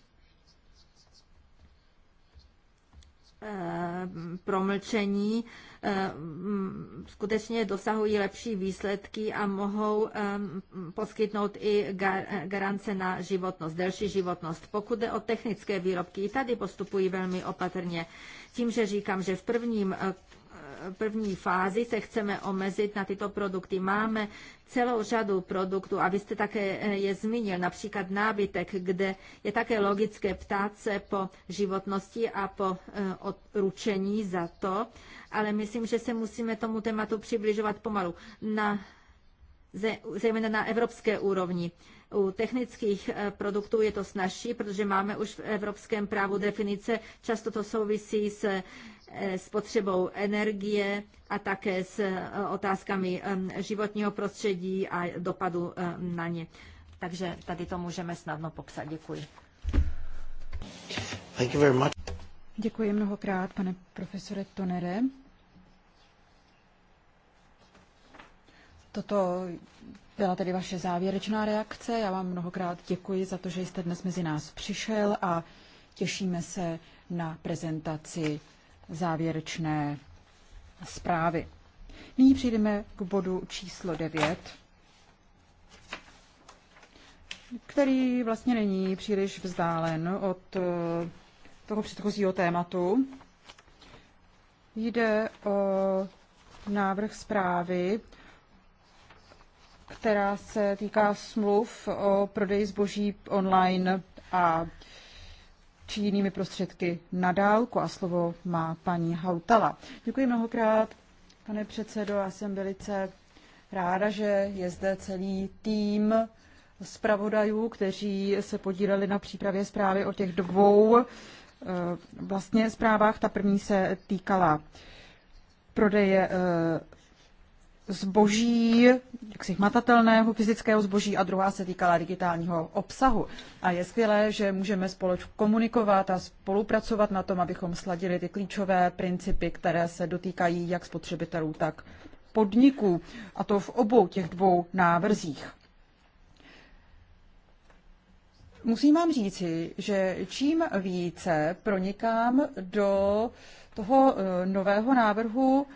eh, promlčení eh, mm, skutečně dosahují lepší výsledky a mohou mm, poskytnout i garance na životnost, delší životnost. Pokud jde o technické výrobky, i tady postupují velmi opatrně. Tím, že říkám, že v prvním první fázi se chceme omezit na tyto produkty. Máme celou řadu produktů a vy jste také eh, je zmínil, například nábytek, kde je také logické ptát se po životnosti a po eh, odručení za to, ale myslím, že se musíme tomu tématu přibližovat pomalu. Na zejména na evropské úrovni. U technických eh, produktů je to snažší, protože máme už v evropském právu definice. Často to souvisí s eh, spotřebou energie a také s eh, otázkami ehm, životního prostředí a dopadu ehm, na ně. Takže tady to můžeme snadno popsat. Děkuji. Thank you very much. Děkuji mnohokrát, pane profesore Tonere. Toto byla tedy vaše závěrečná reakce. Já vám mnohokrát děkuji za to, že jste dnes mezi nás přišel a těšíme se na prezentaci závěrečné zprávy. Nyní přijdeme k bodu číslo 9, který vlastně není příliš vzdálen od eh, toho předchozího tématu. Jde o návrh zprávy která se týká smluv o prodeji zboží online a či jinými prostředky na dálku. A slovo má paní Hautala. Děkuji mnohokrát, pane předsedo. Já jsem velice ráda, že je zde celý tým zpravodajů, kteří se podíleli na přípravě zprávy o těch dvou eh, vlastně zprávách. Ta první se týkala prodeje eh, zboží, jaksi hmatatelného fyzického zboží a druhá se týkala digitálního obsahu. A je skvělé, že můžeme společně komunikovat a spolupracovat na tom, abychom sladili ty klíčové principy, které se dotýkají jak spotřebitelů, tak podniků. A to v obou těch dvou návrzích. Musím vám říci, že čím více pronikám do toho eh, nového návrhu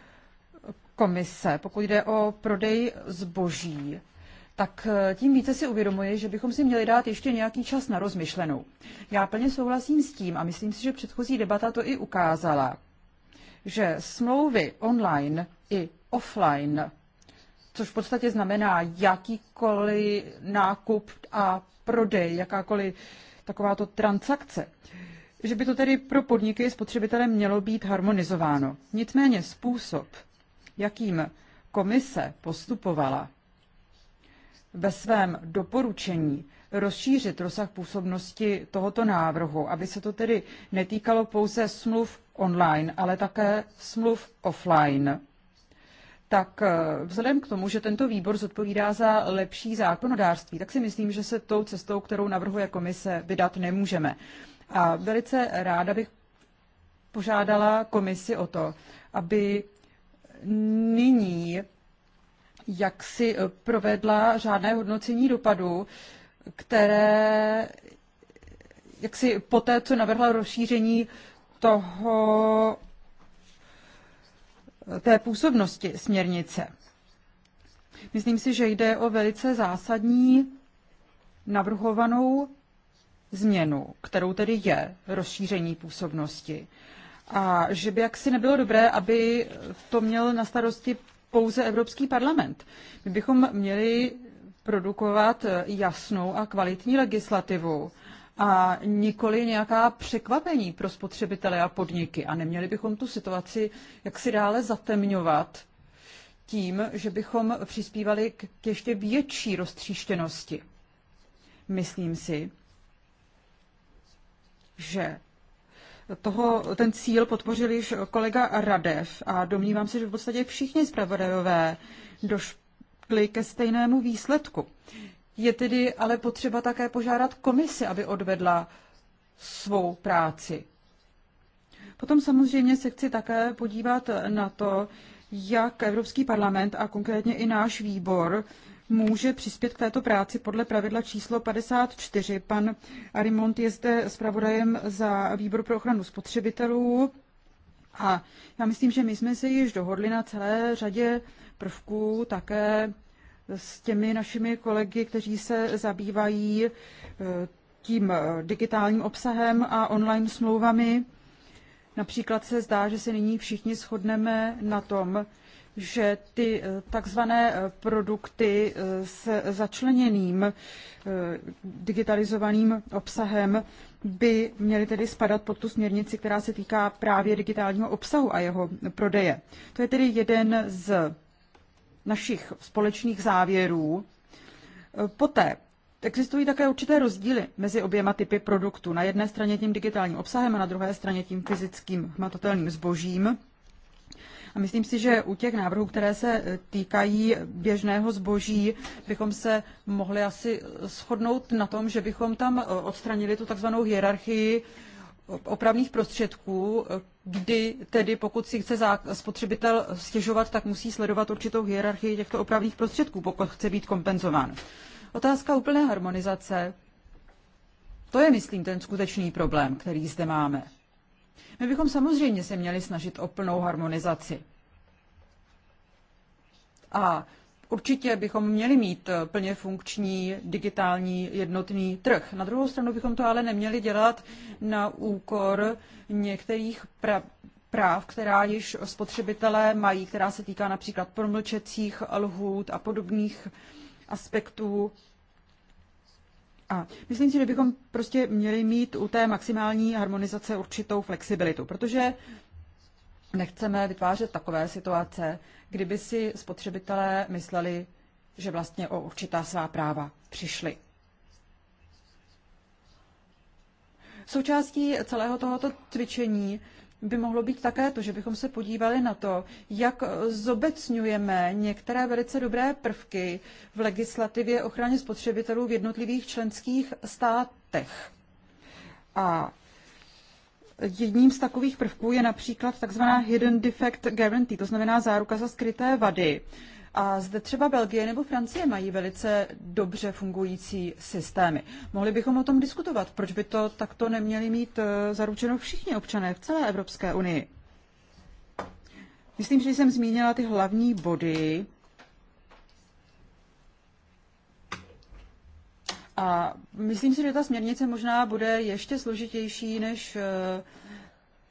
komise, pokud jde o prodej zboží, tak eh, tím více si uvědomuji, že bychom si měli dát ještě nějaký čas na rozmyšlenou. Já plně souhlasím s tím a myslím si, že předchozí debata to i ukázala, že smlouvy online i offline, což v podstatě znamená jakýkoliv nákup a prodej, jakákoliv takováto transakce, že by to tedy pro podniky i spotřebitele mělo být harmonizováno. Nicméně způsob, jakým komise postupovala ve svém doporučení rozšířit rozsah působnosti tohoto návrhu, aby se to tedy netýkalo pouze smluv online, ale také smluv offline, tak eh, vzhledem k tomu, že tento výbor zodpovídá za lepší zákonodárství, tak si myslím, že se tou cestou, kterou navrhuje komise, vydat nemůžeme. A velice ráda bych požádala komisi o to, aby nyní jak si eh, provedla řádné hodnocení dopadu, které jak si poté, co navrhla rozšíření toho eh, té působnosti směrnice. Myslím si, že jde o velice zásadní navrhovanou změnu, kterou tedy je rozšíření působnosti a že by jaksi nebylo dobré, aby to měl na starosti pouze Evropský parlament. My bychom měli produkovat jasnou a kvalitní legislativu a nikoli nějaká překvapení pro spotřebitele a podniky. A neměli bychom tu situaci jaksi dále zatemňovat tím, že bychom přispívali k ještě větší roztříštěnosti. Myslím si, že toho, ten cíl podpořil již kolega Radev a domnívám se, že v podstatě všichni zpravodajové došli ke stejnému výsledku. Je tedy ale potřeba také požádat komisi, aby odvedla svou práci. Potom samozřejmě se chci také podívat na to, jak Evropský parlament a konkrétně i náš výbor může přispět k této práci podle pravidla číslo 54. Pan Arimont je zde zpravodajem za výbor pro ochranu spotřebitelů. A já myslím, že my jsme se již dohodli na celé řadě prvků také s těmi našimi kolegy, kteří se zabývají eh, tím eh, digitálním obsahem a online smlouvami. Například se zdá, že se nyní všichni shodneme na tom, že ty eh, takzvané eh, produkty eh, s začleněným digitalizovaným obsahem by měly tedy spadat pod tu směrnici, která se týká právě digitálního obsahu a jeho prodeje. To je tedy jeden z našich společných závěrů. Poté Existují také určité rozdíly mezi oběma typy produktů. Na jedné straně tím digitálním obsahem a na druhé straně tím fyzickým hmatatelným zbožím. A myslím si, že u těch návrhů, které se e, týkají běžného zboží, bychom se mohli asi shodnout na tom, že bychom tam e, odstranili tu takzvanou hierarchii e, opravných prostředků, kdy tedy pokud si chce spotřebitel stěžovat, tak musí sledovat určitou hierarchii těchto opravných prostředků, pokud chce být kompenzován. Otázka úplné harmonizace. To je, myslím, ten skutečný problém, který zde máme. My bychom samozřejmě se měli snažit o plnou harmonizaci. A určitě bychom měli mít plně funkční digitální jednotný trh. Na druhou stranu bychom to ale neměli dělat na úkor některých pra- práv, která již spotřebitelé mají, která se týká například promlčecích lhůt a podobných aspektů a myslím si, že bychom prostě měli mít u té maximální harmonizace určitou flexibilitu, protože nechceme vytvářet takové situace, kdyby si spotřebitelé mysleli, že vlastně o určitá svá práva přišli. Součástí celého tohoto cvičení by mohlo být také to, že bychom se podívali na to, jak zobecňujeme některé velice dobré prvky v legislativě ochraně spotřebitelů v jednotlivých členských státech. A Jedním z takových prvků je například takzvaná hidden defect guarantee, to znamená záruka za skryté vady, a zde třeba Belgie nebo Francie mají velice dobře fungující systémy. Mohli bychom o tom diskutovat, proč by to takto neměli mít eh, zaručeno všichni občané v celé Evropské unii. Myslím, že jsem zmínila ty hlavní body. A myslím si, že ta směrnice možná bude ještě složitější než eh,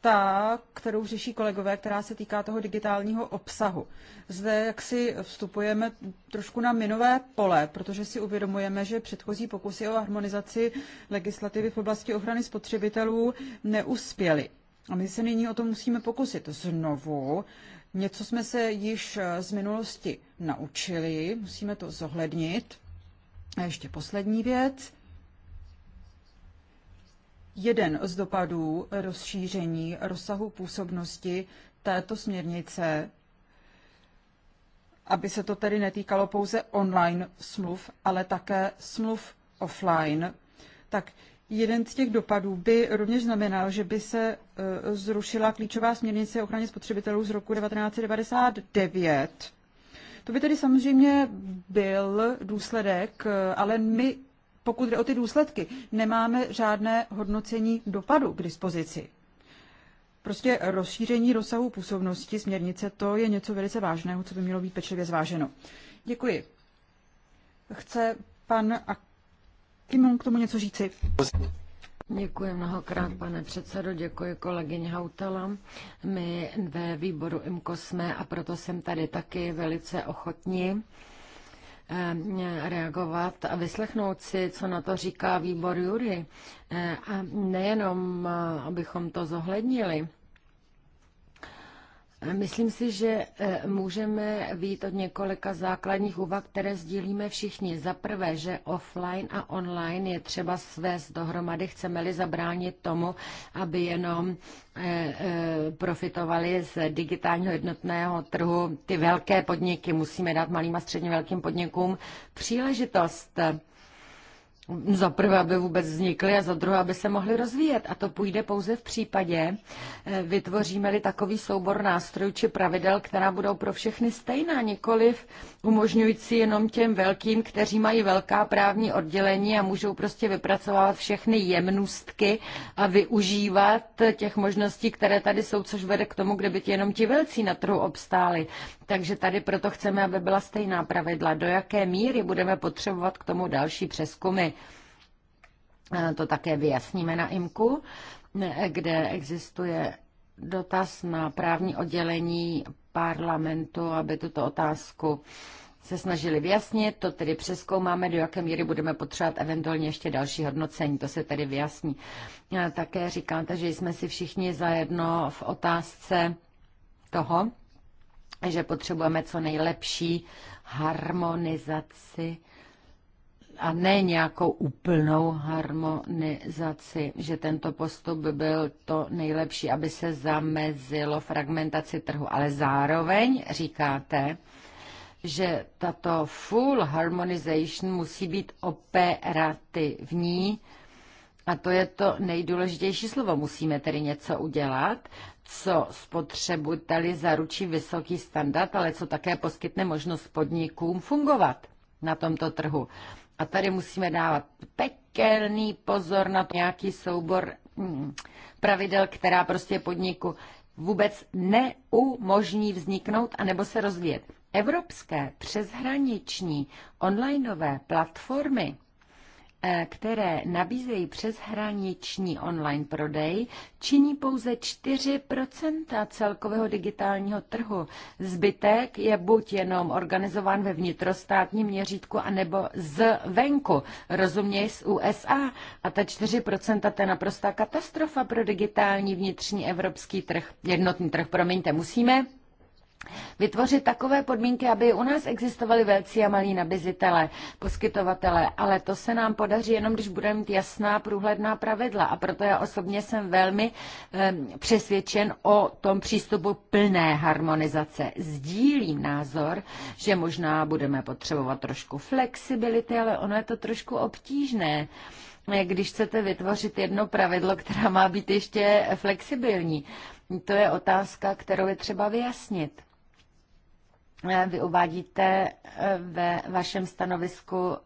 ta, kterou řeší kolegové, která se týká toho digitálního obsahu. Zde jak si vstupujeme trošku na minové pole, protože si uvědomujeme, že předchozí pokusy o harmonizaci legislativy v oblasti ochrany spotřebitelů neuspěly. A my se nyní o to musíme pokusit znovu. Něco jsme se již eh, z minulosti naučili, musíme to zohlednit. A ještě poslední věc jeden z dopadů rozšíření rozsahu působnosti této směrnice, aby se to tedy netýkalo pouze online smluv, ale také smluv offline, tak jeden z těch dopadů by rovněž znamenal, že by se e, zrušila klíčová směrnice o ochraně spotřebitelů z roku 1999. To by tedy samozřejmě byl důsledek, e, ale my pokud jde o ty důsledky, nemáme žádné hodnocení dopadu k dispozici. Prostě rozšíření rozsahu působnosti směrnice, to je něco velice vážného, co by mělo být pečlivě zváženo. Děkuji. Chce pan Akimon k tomu něco říci? Děkuji mnohokrát, pane předsedo, děkuji kolegyně Hautala. My ve výboru IMKO jsme a proto jsem tady taky velice ochotní reagovat a vyslechnout si, co na to říká výbor Jury. Eh, a nejenom, eh, abychom to zohlednili, Myslím si, že e, můžeme výjít od několika základních úvah, které sdílíme všichni. Za prvé, že offline a online je třeba svést dohromady, chceme-li zabránit tomu, aby jenom e, e, profitovali z digitálního jednotného trhu ty velké podniky. Musíme dát malým a středně velkým podnikům příležitost za prvé, aby vůbec vznikly a za druhé, aby se mohly rozvíjet. A to půjde pouze v případě, eh, vytvoříme-li takový soubor nástrojů či pravidel, která budou pro všechny stejná, nikoliv umožňující jenom těm velkým, kteří mají velká právní oddělení a můžou prostě vypracovávat všechny jemnůstky a využívat těch možností, které tady jsou, což vede k tomu, kde by jenom ti velcí na trhu obstáli. Takže tady proto chceme, aby byla stejná pravidla. Do jaké míry budeme potřebovat k tomu další přeskumy? to také vyjasníme na IMKU, kde existuje dotaz na právní oddělení parlamentu, aby tuto otázku se snažili vyjasnit, to tedy přeskoumáme, do jaké míry budeme potřebovat eventuálně ještě další hodnocení, to se tedy vyjasní. také říkáte, že jsme si všichni zajedno v otázce toho, že potřebujeme co nejlepší harmonizaci a ne nějakou úplnou harmonizaci, že tento postup by byl to nejlepší, aby se zamezilo fragmentaci trhu. Ale zároveň říkáte, že tato full harmonization musí být operativní, a to je to nejdůležitější slovo. Musíme tedy něco udělat, co spotřebiteli zaručí vysoký standard, ale co také poskytne možnost podnikům fungovat na tomto trhu. A tady musíme dávat pekelný pozor na nějaký soubor hmm, pravidel, která prostě podniku vůbec neumožní vzniknout anebo se rozvíjet. Evropské přeshraniční onlineové platformy Eh, které nabízejí přeshraniční online prodej, činí pouze 4 celkového digitálního trhu. Zbytek je buď jenom organizován ve vnitrostátním měřítku, anebo z venku, rozuměj z USA. A ta 4 to je naprostá katastrofa pro digitální vnitřní evropský trh, jednotný trh, promiňte, musíme vytvořit takové podmínky, aby u nás existovali velcí a malí nabizitele, poskytovatele, ale to se nám podaří jenom, když budeme mít jasná průhledná pravidla a proto já osobně jsem velmi um, přesvědčen o tom přístupu plné harmonizace. Sdílím názor, že možná budeme potřebovat trošku flexibility, ale ono je to trošku obtížné když chcete vytvořit jedno pravidlo, která má být ještě flexibilní. To je otázka, kterou je třeba vyjasnit. Eh, vy uvádíte eh, ve vašem stanovisku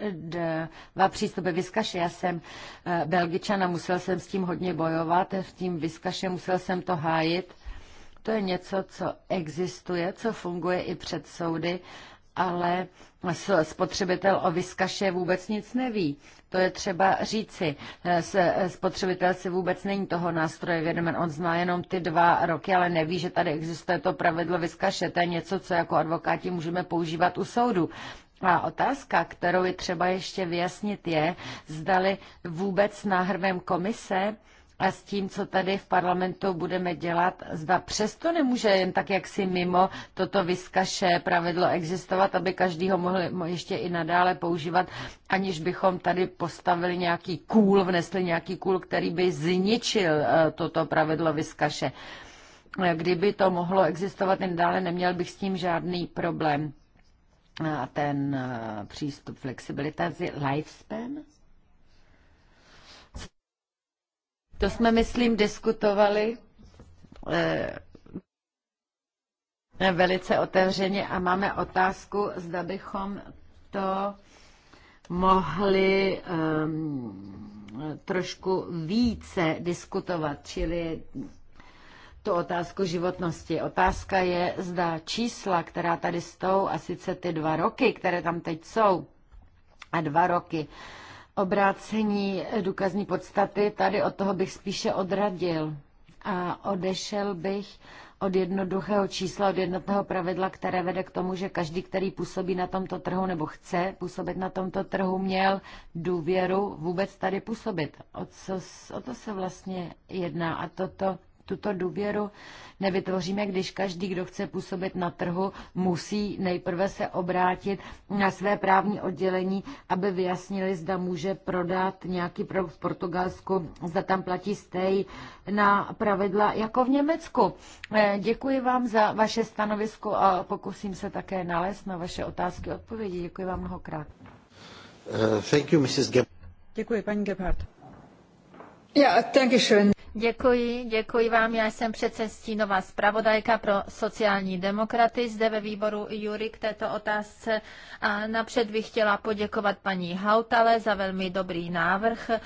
eh, dva přístupy Vyskaše. Já jsem Belgičan a musel jsem s tím hodně bojovat, v tím Vyskaše musel jsem to hájit. To je něco, co existuje, co funguje i před soudy ale spotřebitel o Vyskaše vůbec nic neví. To je třeba říci. Spotřebitel si vůbec není toho nástroje vědomen. On zná jenom ty dva roky, ale neví, že tady existuje to pravidlo Vyskaše. To je něco, co jako advokáti můžeme používat u soudu. A otázka, kterou je třeba ještě vyjasnit, je, zdali vůbec náhrvem komise a s tím, co tady v parlamentu budeme dělat, zda přesto nemůže jen tak jak si mimo toto vyskaše pravidlo existovat, aby každý ho mohl ještě i nadále používat, aniž bychom tady postavili nějaký kůl, vnesli nějaký kůl, který by zničil eh, toto pravidlo vyskaše. Eh, kdyby to mohlo existovat nadále, neměl bych s tím žádný problém. A ten eh, přístup flexibilita lifespan? To jsme, myslím, diskutovali eh, velice otevřeně a máme otázku, zda bychom to mohli um, trošku více diskutovat, čili tu otázku životnosti. Otázka je, zda čísla, která tady jsou, a sice ty dva roky, které tam teď jsou, a dva roky, uh, obrácení důkazní podstaty, tady od toho bych spíše odradil a odešel bych od jednoduchého čísla, od jednotného pravidla, které vede k tomu, že každý, který působí na tomto trhu nebo chce působit na tomto trhu, měl důvěru vůbec tady působit. O, co, o to se vlastně jedná a toto tuto důvěru nevytvoříme, když každý, kdo chce působit na trhu, musí nejprve se obrátit na své právní oddělení, aby vyjasnili, zda může prodat nějaký produkt v Portugalsku, zda tam platí stej na pravidla jako v Německu. Eh, děkuji vám za vaše stanovisko a pokusím se také nalézt na vaše otázky a odpovědi. Děkuji vám mnohokrát. Uh, thank you, Mrs. Děkuji, paní Gebhardt. Yeah, thank you, Děkuji, děkuji vám. Já jsem přece stínová zpravodajka pro sociální demokraty zde ve výboru Jury k této otázce. A napřed bych chtěla poděkovat paní Hautale za velmi dobrý návrh eh,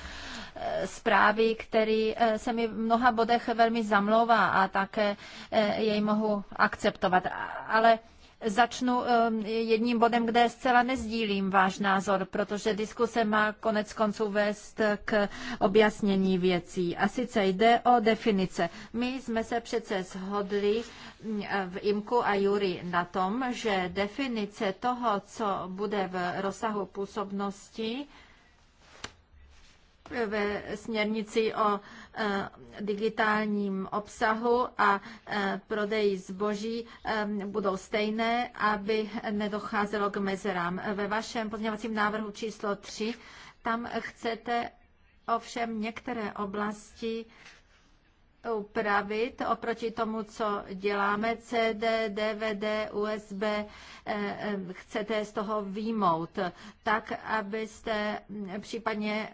zprávy, který eh, se mi v mnoha bodech velmi zamlouvá a také eh, jej mohu akceptovat. Ale Začnu um, jedním bodem, kde zcela nezdílím váš názor, protože diskuse má konec konců vést k objasnění věcí. A sice jde o definice. My jsme se přece shodli mm, v IMKU a Jury na tom, že definice toho, co bude v rozsahu působnosti ve směrnici o Eh, digitálním obsahu a eh, prodeji zboží eh, budou stejné, aby nedocházelo k mezerám. Ve vašem pozměňovacím návrhu číslo 3 tam chcete ovšem některé oblasti upravit oproti tomu, co děláme. CD, DVD, USB eh, eh, chcete z toho výmout, tak, abyste případně,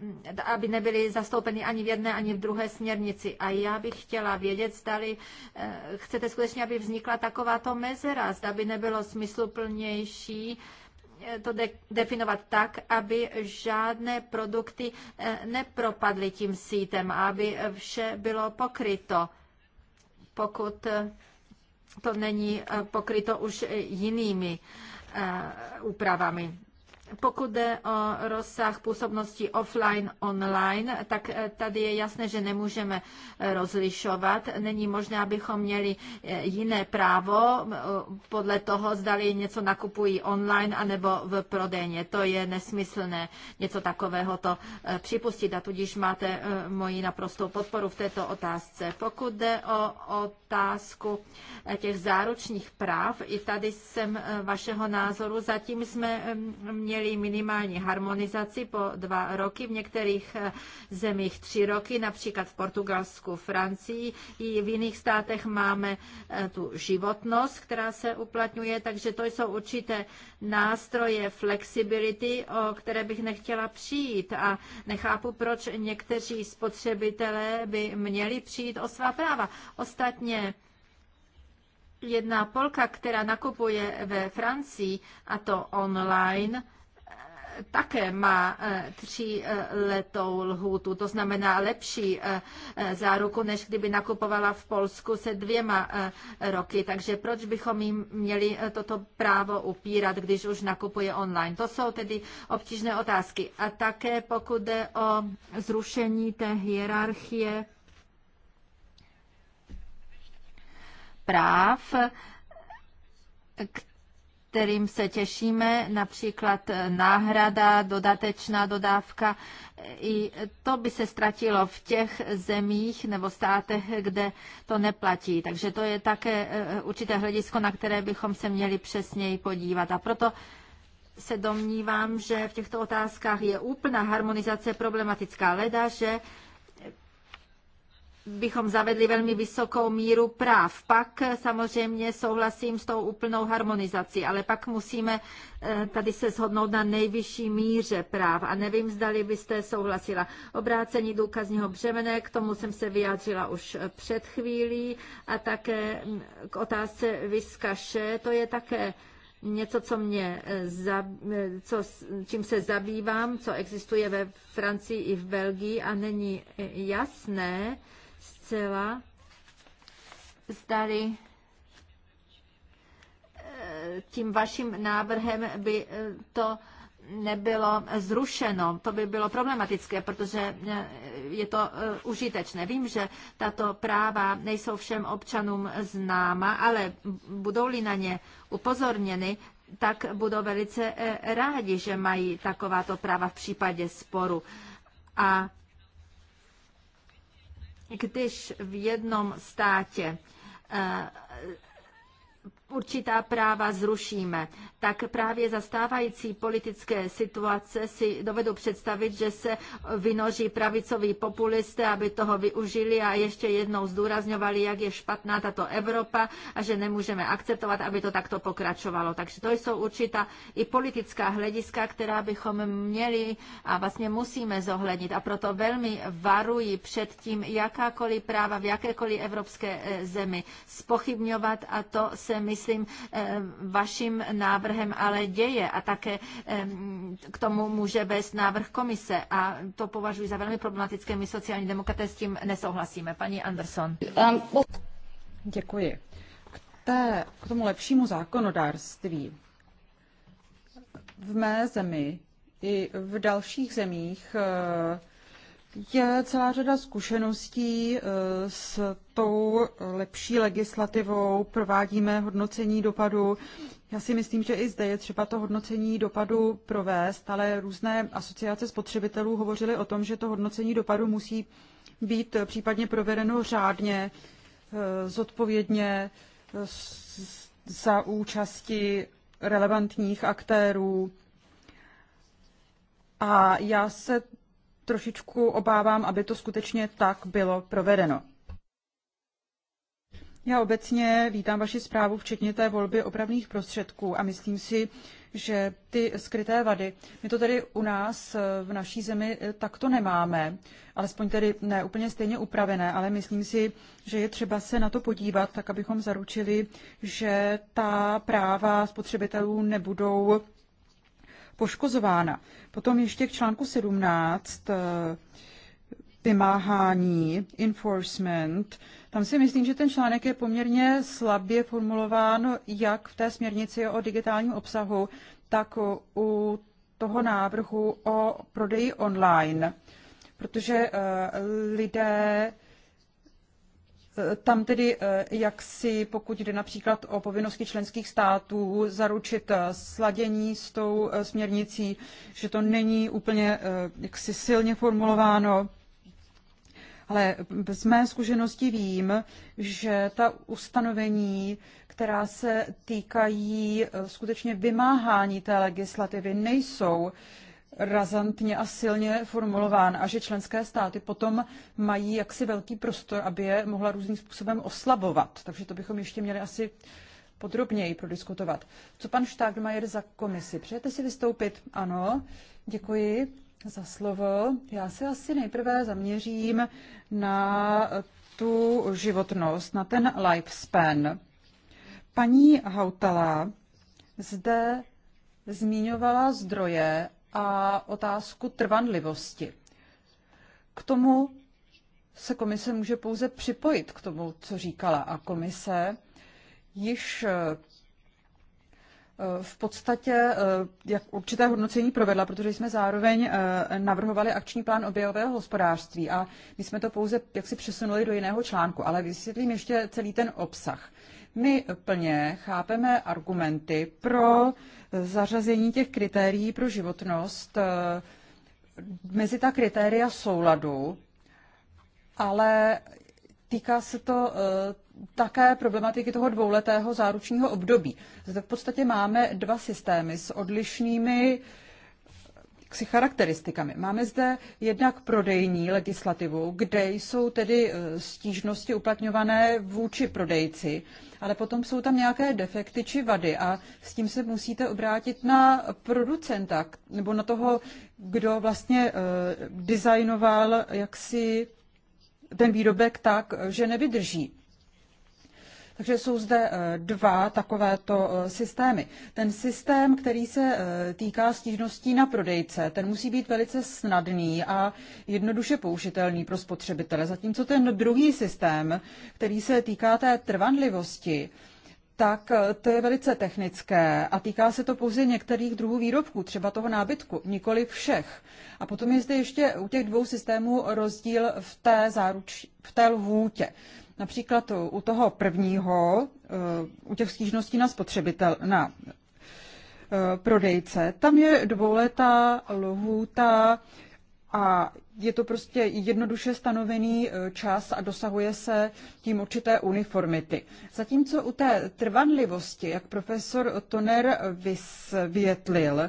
aby nebyly zastoupeny ani v jedné, ani v druhé směrnici. A já bych chtěla vědět, zdali eh, chcete skutečně, aby vznikla takováto mezera, zda by nebylo smysluplnější to de- definovat tak, aby žádné produkty eh, nepropadly tím sítem, aby vše bylo pokryto, pokud eh, to není eh, pokryto už jinými úpravami. Pokud jde o rozsah působnosti offline, online, tak eh, tady je jasné, že nemůžeme eh, rozlišovat. Není možné, abychom měli eh, jiné právo podle toho, zdali něco nakupují online anebo v prodejně. To je nesmyslné něco takového to připustit a tudíž máte moji naprostou podporu v této otázce. Pokud jde o otázku těch záručních práv, i tady jsem vašeho názoru. Zatím jsme měli měli minimální harmonizaci po dva roky, v některých eh, zemích tři roky, například v Portugalsku, Francii. I v jiných státech máme eh, tu životnost, která se uplatňuje, takže to jsou určité nástroje flexibility, o které bych nechtěla přijít a nechápu, proč někteří spotřebitelé by měli přijít o svá práva. Ostatně jedna Polka, která nakupuje ve Francii, a to online, také má eh, tří eh, letou lhůtu, to znamená lepší eh, záruku, než kdyby nakupovala v Polsku se dvěma roky. Takže proč bychom jim měli toto právo upírat, když už nakupuje online? To jsou tedy obtížné otázky. A také pokud jde o zrušení té hierarchie práv, k kterým se těšíme, například náhrada, dodatečná dodávka. I to by se ztratilo v těch zemích nebo státech, kde to neplatí. Takže to je také eh, určité hledisko, na které bychom se měli přesněji podívat. A proto se domnívám, že v těchto otázkách je úplná harmonizace problematická leda, že bychom zavedli velmi vysokou míru práv. Pak samozřejmě souhlasím s tou úplnou harmonizací, ale pak musíme eh, tady se shodnout na nejvyšší míře práv a nevím, zdali byste souhlasila. Obrácení důkazního břemene, k tomu jsem se vyjádřila už před chvílí a také mm, k otázce vyskaše, to je také něco, co mě, eh, eh, co, čím se zabývám, co existuje ve Francii i v Belgii a není jasné, zcela, zdali eh, tím vaším návrhem by eh, to nebylo zrušeno. To by bylo problematické, protože eh, je to užitečné. Vím, že tato práva nejsou všem občanům známa, ale budou-li na ně upozorněny, tak budou velice rádi, že mají takováto práva v případě sporu. A když v jednom státě eh, určitá práva zrušíme, tak právě zastávající politické situace si dovedu představit, že se vynoří pravicoví populisté, aby toho využili a ještě jednou zdůrazňovali, jak je špatná tato Evropa a že nemůžeme akceptovat, aby to takto pokračovalo. Takže to jsou určitá i politická hlediska, která bychom měli a vlastně musíme zohlednit. A proto velmi varuji před tím jakákoliv práva v jakékoliv evropské eh, zemi spochybňovat a to se mi myslím, eh, vaším návrhem ale děje a také eh, k tomu může vést návrh komise a to považuji za velmi problematické. My sociální demokraté s tím nesouhlasíme. Paní Anderson. Um, Děkuji. K, té, k tomu lepšímu zákonodárství v mé zemi i v dalších zemích eh, je celá řada zkušeností eh, s tou lepší legislativou, provádíme hodnocení dopadu. Já si myslím, že i zde je třeba to hodnocení dopadu provést, ale různé asociace spotřebitelů hovořily o tom, že to hodnocení dopadu musí být eh, případně provedeno řádně, eh, zodpovědně, za účasti relevantních aktérů. A já se trošičku obávám, aby to skutečně tak bylo provedeno. Já obecně vítám vaši zprávu, včetně té volby opravných prostředků a myslím si, že ty skryté vady, my to tady u nás eh, v naší zemi eh, takto nemáme, alespoň tedy ne úplně stejně upravené, ale myslím si, že je třeba se na to podívat, tak abychom zaručili, že ta práva spotřebitelů nebudou poškozována. Potom ještě k článku 17 eh, vymáhání, enforcement. Tam si myslím, že ten článek je poměrně slabě formulován jak v té směrnici o digitálním obsahu, tak u toho návrhu o prodeji online. Protože eh, lidé tam tedy, eh, jak si, pokud jde například o povinnosti členských států zaručit eh, sladění s tou eh, směrnicí, že to není úplně jaksi silně formulováno, ale z mé zkušenosti vím, že ta ustanovení, která se týkají skutečně vymáhání té legislativy, nejsou razantně a silně formulován a že členské státy potom mají jaksi velký prostor, aby je mohla různým způsobem oslabovat. Takže to bychom ještě měli asi podrobněji prodiskutovat. Co pan Štágmajer za komisi? Přejete si vystoupit? Ano, děkuji za slovo. Já se asi nejprve zaměřím na tu životnost, na ten lifespan. Paní Hautala zde zmiňovala zdroje a otázku trvanlivosti. K tomu se komise může pouze připojit k tomu, co říkala. A komise již eh, v podstatě eh, jak určité hodnocení provedla, protože jsme zároveň eh, navrhovali akční plán objevového hospodářství a my jsme to pouze jaksi přesunuli do jiného článku, ale vysvětlím ještě celý ten obsah. My plně chápeme argumenty pro zařazení těch kritérií pro životnost eh, mezi ta kritéria souladu, ale týká se to eh, také problematiky toho dvouletého záručního období. Zde v podstatě máme dva systémy s odlišnými uh, jaksi charakteristikami. Máme zde jednak prodejní legislativu, kde jsou tedy e, stížnosti uplatňované vůči prodejci, ale potom jsou tam nějaké defekty či vady a s tím se musíte obrátit na producenta nebo na toho, kdo vlastně e, designoval jaksi ten výrobek tak, e, že nevydrží. Takže jsou zde e, dva takovéto e, systémy. Ten systém, který se e, týká stížností na prodejce, ten musí být velice snadný a jednoduše použitelný pro spotřebitele. Zatímco ten druhý systém, který se týká té trvanlivosti, tak to je velice technické a týká se to pouze některých druhů výrobků, třeba toho nábytku, nikoli všech. A potom je zde ještě u těch dvou systémů rozdíl v té, záruč, v té lhůtě. Například u toho prvního, eh, u těch stížností na spotřebitel, na eh, prodejce, tam je dvouletá lhůta a je to prostě jednoduše stanovený eh, čas a dosahuje se tím určité uniformity. Zatímco u té trvanlivosti, jak profesor Toner vysvětlil,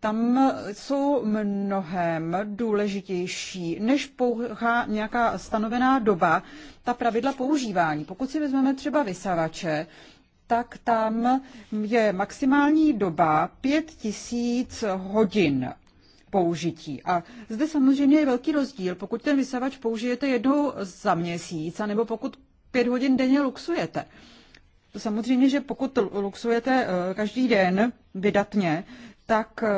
tam jsou mnohem důležitější než pouhá nějaká stanovená doba, ta pravidla používání. Pokud si vezmeme třeba vysavače, tak tam je maximální doba 5000 hodin použití. A zde samozřejmě je velký rozdíl, pokud ten vysavač použijete jednou za měsíc, anebo pokud pět hodin denně luxujete. Samozřejmě, že pokud luxujete eh, každý den vydatně, tak eh,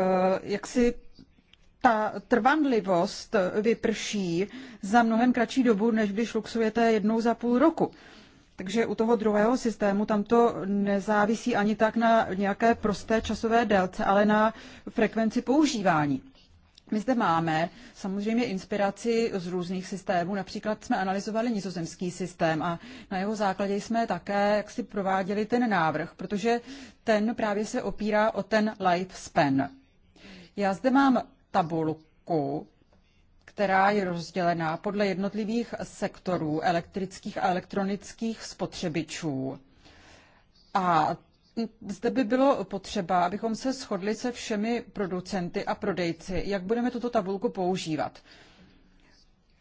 jak si ta trvanlivost vyprší za mnohem kratší dobu, než když luxujete jednou za půl roku. Takže u toho druhého systému tam to nezávisí ani tak na nějaké prosté časové délce, ale na frekvenci používání. My zde máme samozřejmě inspiraci z různých systémů. Například jsme analyzovali nizozemský systém a na jeho základě jsme také jak si prováděli ten návrh, protože ten právě se opírá o ten lifespan. Já zde mám tabulku, která je rozdělená podle jednotlivých sektorů elektrických a elektronických spotřebičů. A zde by bylo potřeba, abychom se shodli se všemi producenty a prodejci, jak budeme tuto tabulku používat.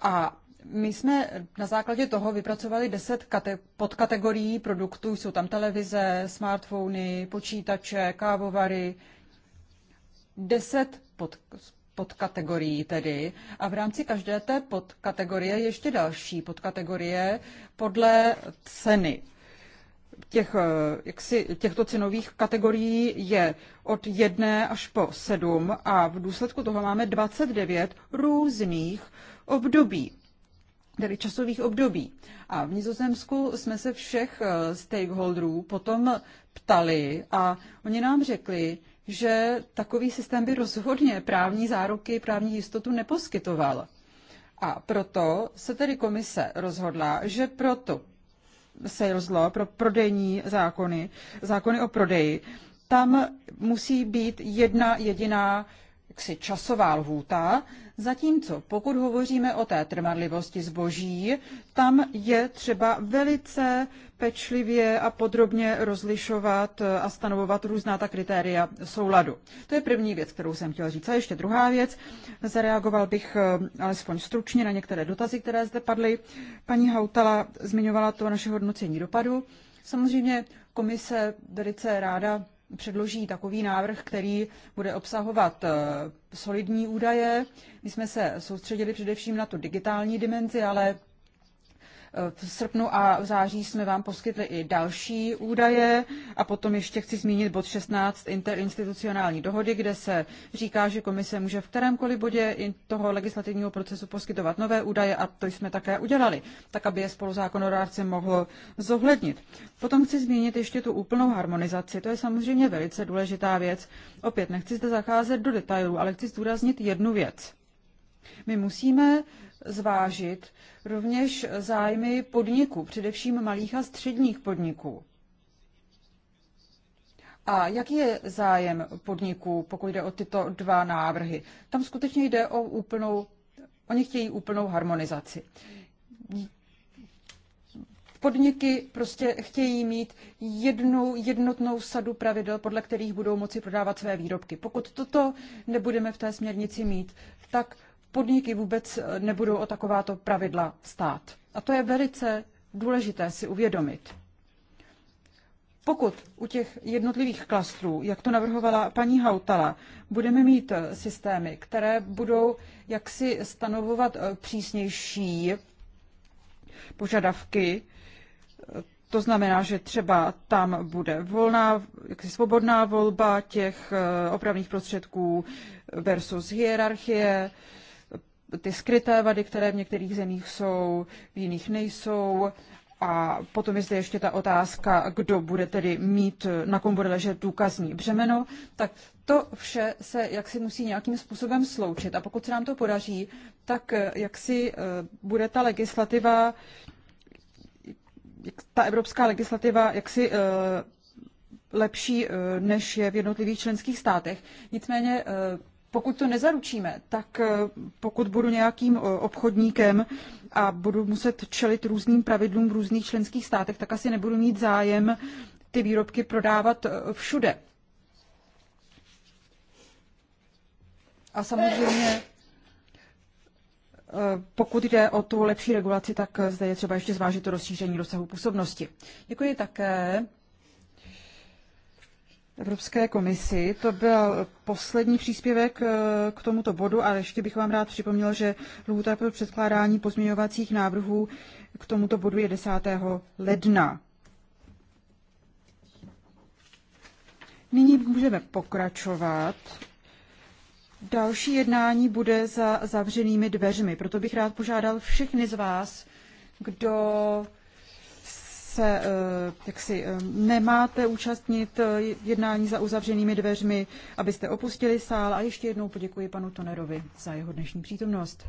A my jsme na základě toho vypracovali 10 kate- podkategorií produktů. Jsou tam televize, smartfony, počítače, kávovary. 10 pod- podkategorií tedy. A v rámci každé té podkategorie ještě další podkategorie podle ceny těch, eh, jaksi, těchto cenových kategorií je od jedné až po sedm a v důsledku toho máme 29 různých období tedy časových období. A v Nizozemsku jsme se všech eh, stakeholderů potom ptali a oni nám řekli, že takový systém by rozhodně právní záruky, právní jistotu neposkytoval. A proto se tedy komise rozhodla, že pro tu sales law, pro prodejní zákony, zákony o prodeji, tam musí být jedna jediná jaksi časová lhůta, zatímco pokud hovoříme o té trmadlivosti zboží, tam je třeba velice pečlivě a podrobně rozlišovat a stanovovat různá ta kritéria souladu. To je první věc, kterou jsem chtěla říct. A ještě druhá věc, zareagoval bych eh, alespoň stručně na některé dotazy, které zde padly. Paní Hautala zmiňovala to naše hodnocení dopadu. Samozřejmě komise velice ráda předloží takový návrh, který bude obsahovat eh, solidní údaje. My jsme se soustředili především na tu digitální dimenzi, ale v srpnu a v září jsme vám poskytli i další údaje a potom ještě chci zmínit bod 16 interinstitucionální dohody, kde se říká, že komise může v kterémkoliv bodě toho legislativního procesu poskytovat nové údaje a to jsme také udělali, tak aby je spoluzákonodárce mohl zohlednit. Potom chci zmínit ještě tu úplnou harmonizaci. To je samozřejmě velice důležitá věc. Opět nechci zde zacházet do detailů, ale chci zdůraznit jednu věc. My musíme zvážit, rovněž zájmy podniků, především malých a středních podniků. A jaký je zájem podniků, pokud jde o tyto dva návrhy? Tam skutečně jde o úplnou, oni chtějí úplnou harmonizaci. Podniky prostě chtějí mít jednu jednotnou sadu pravidel, podle kterých budou moci prodávat své výrobky. Pokud toto nebudeme v té směrnici mít, tak podniky vůbec eh, nebudou o takováto pravidla stát. A to je velice důležité si uvědomit. Pokud u těch jednotlivých klastrů, jak to navrhovala paní Hautala, budeme mít eh, systémy, které budou jaksi stanovovat eh, přísnější požadavky, to znamená, že třeba tam bude volná, jaksi svobodná volba těch opravných prostředků versus hierarchie, ty skryté vady, které v některých zemích jsou, v jiných nejsou. A potom je zde ještě ta otázka, kdo bude tedy mít, na kom bude ležet důkazní břemeno, tak to vše se jaksi musí nějakým způsobem sloučit. A pokud se nám to podaří, tak eh, jaksi eh, bude ta legislativa, ta evropská legislativa jaksi eh, lepší, než je v jednotlivých členských státech. Nicméně pokud to nezaručíme, tak eh, pokud budu nějakým eh, obchodníkem a budu muset čelit různým pravidlům v různých členských státech, tak asi nebudu mít zájem ty výrobky prodávat eh, všude. A samozřejmě, pokud jde o tu lepší regulaci, tak zde je třeba ještě zvážit to rozšíření dosahu působnosti. Děkuji také Evropské komisi. To byl poslední příspěvek eh, k tomuto bodu a ještě bych vám rád připomněl, že lhůta pro předkládání pozměňovacích návrhů k tomuto bodu je 10. ledna. Nyní můžeme pokračovat. Další jednání bude za zavřenými dveřmi, proto bych rád požádal všechny z vás, kdo se eh, jaksi eh, nemáte účastnit eh, jednání za uzavřenými dveřmi, abyste opustili sál a ještě jednou poděkuji panu Tonerovi za jeho dnešní přítomnost.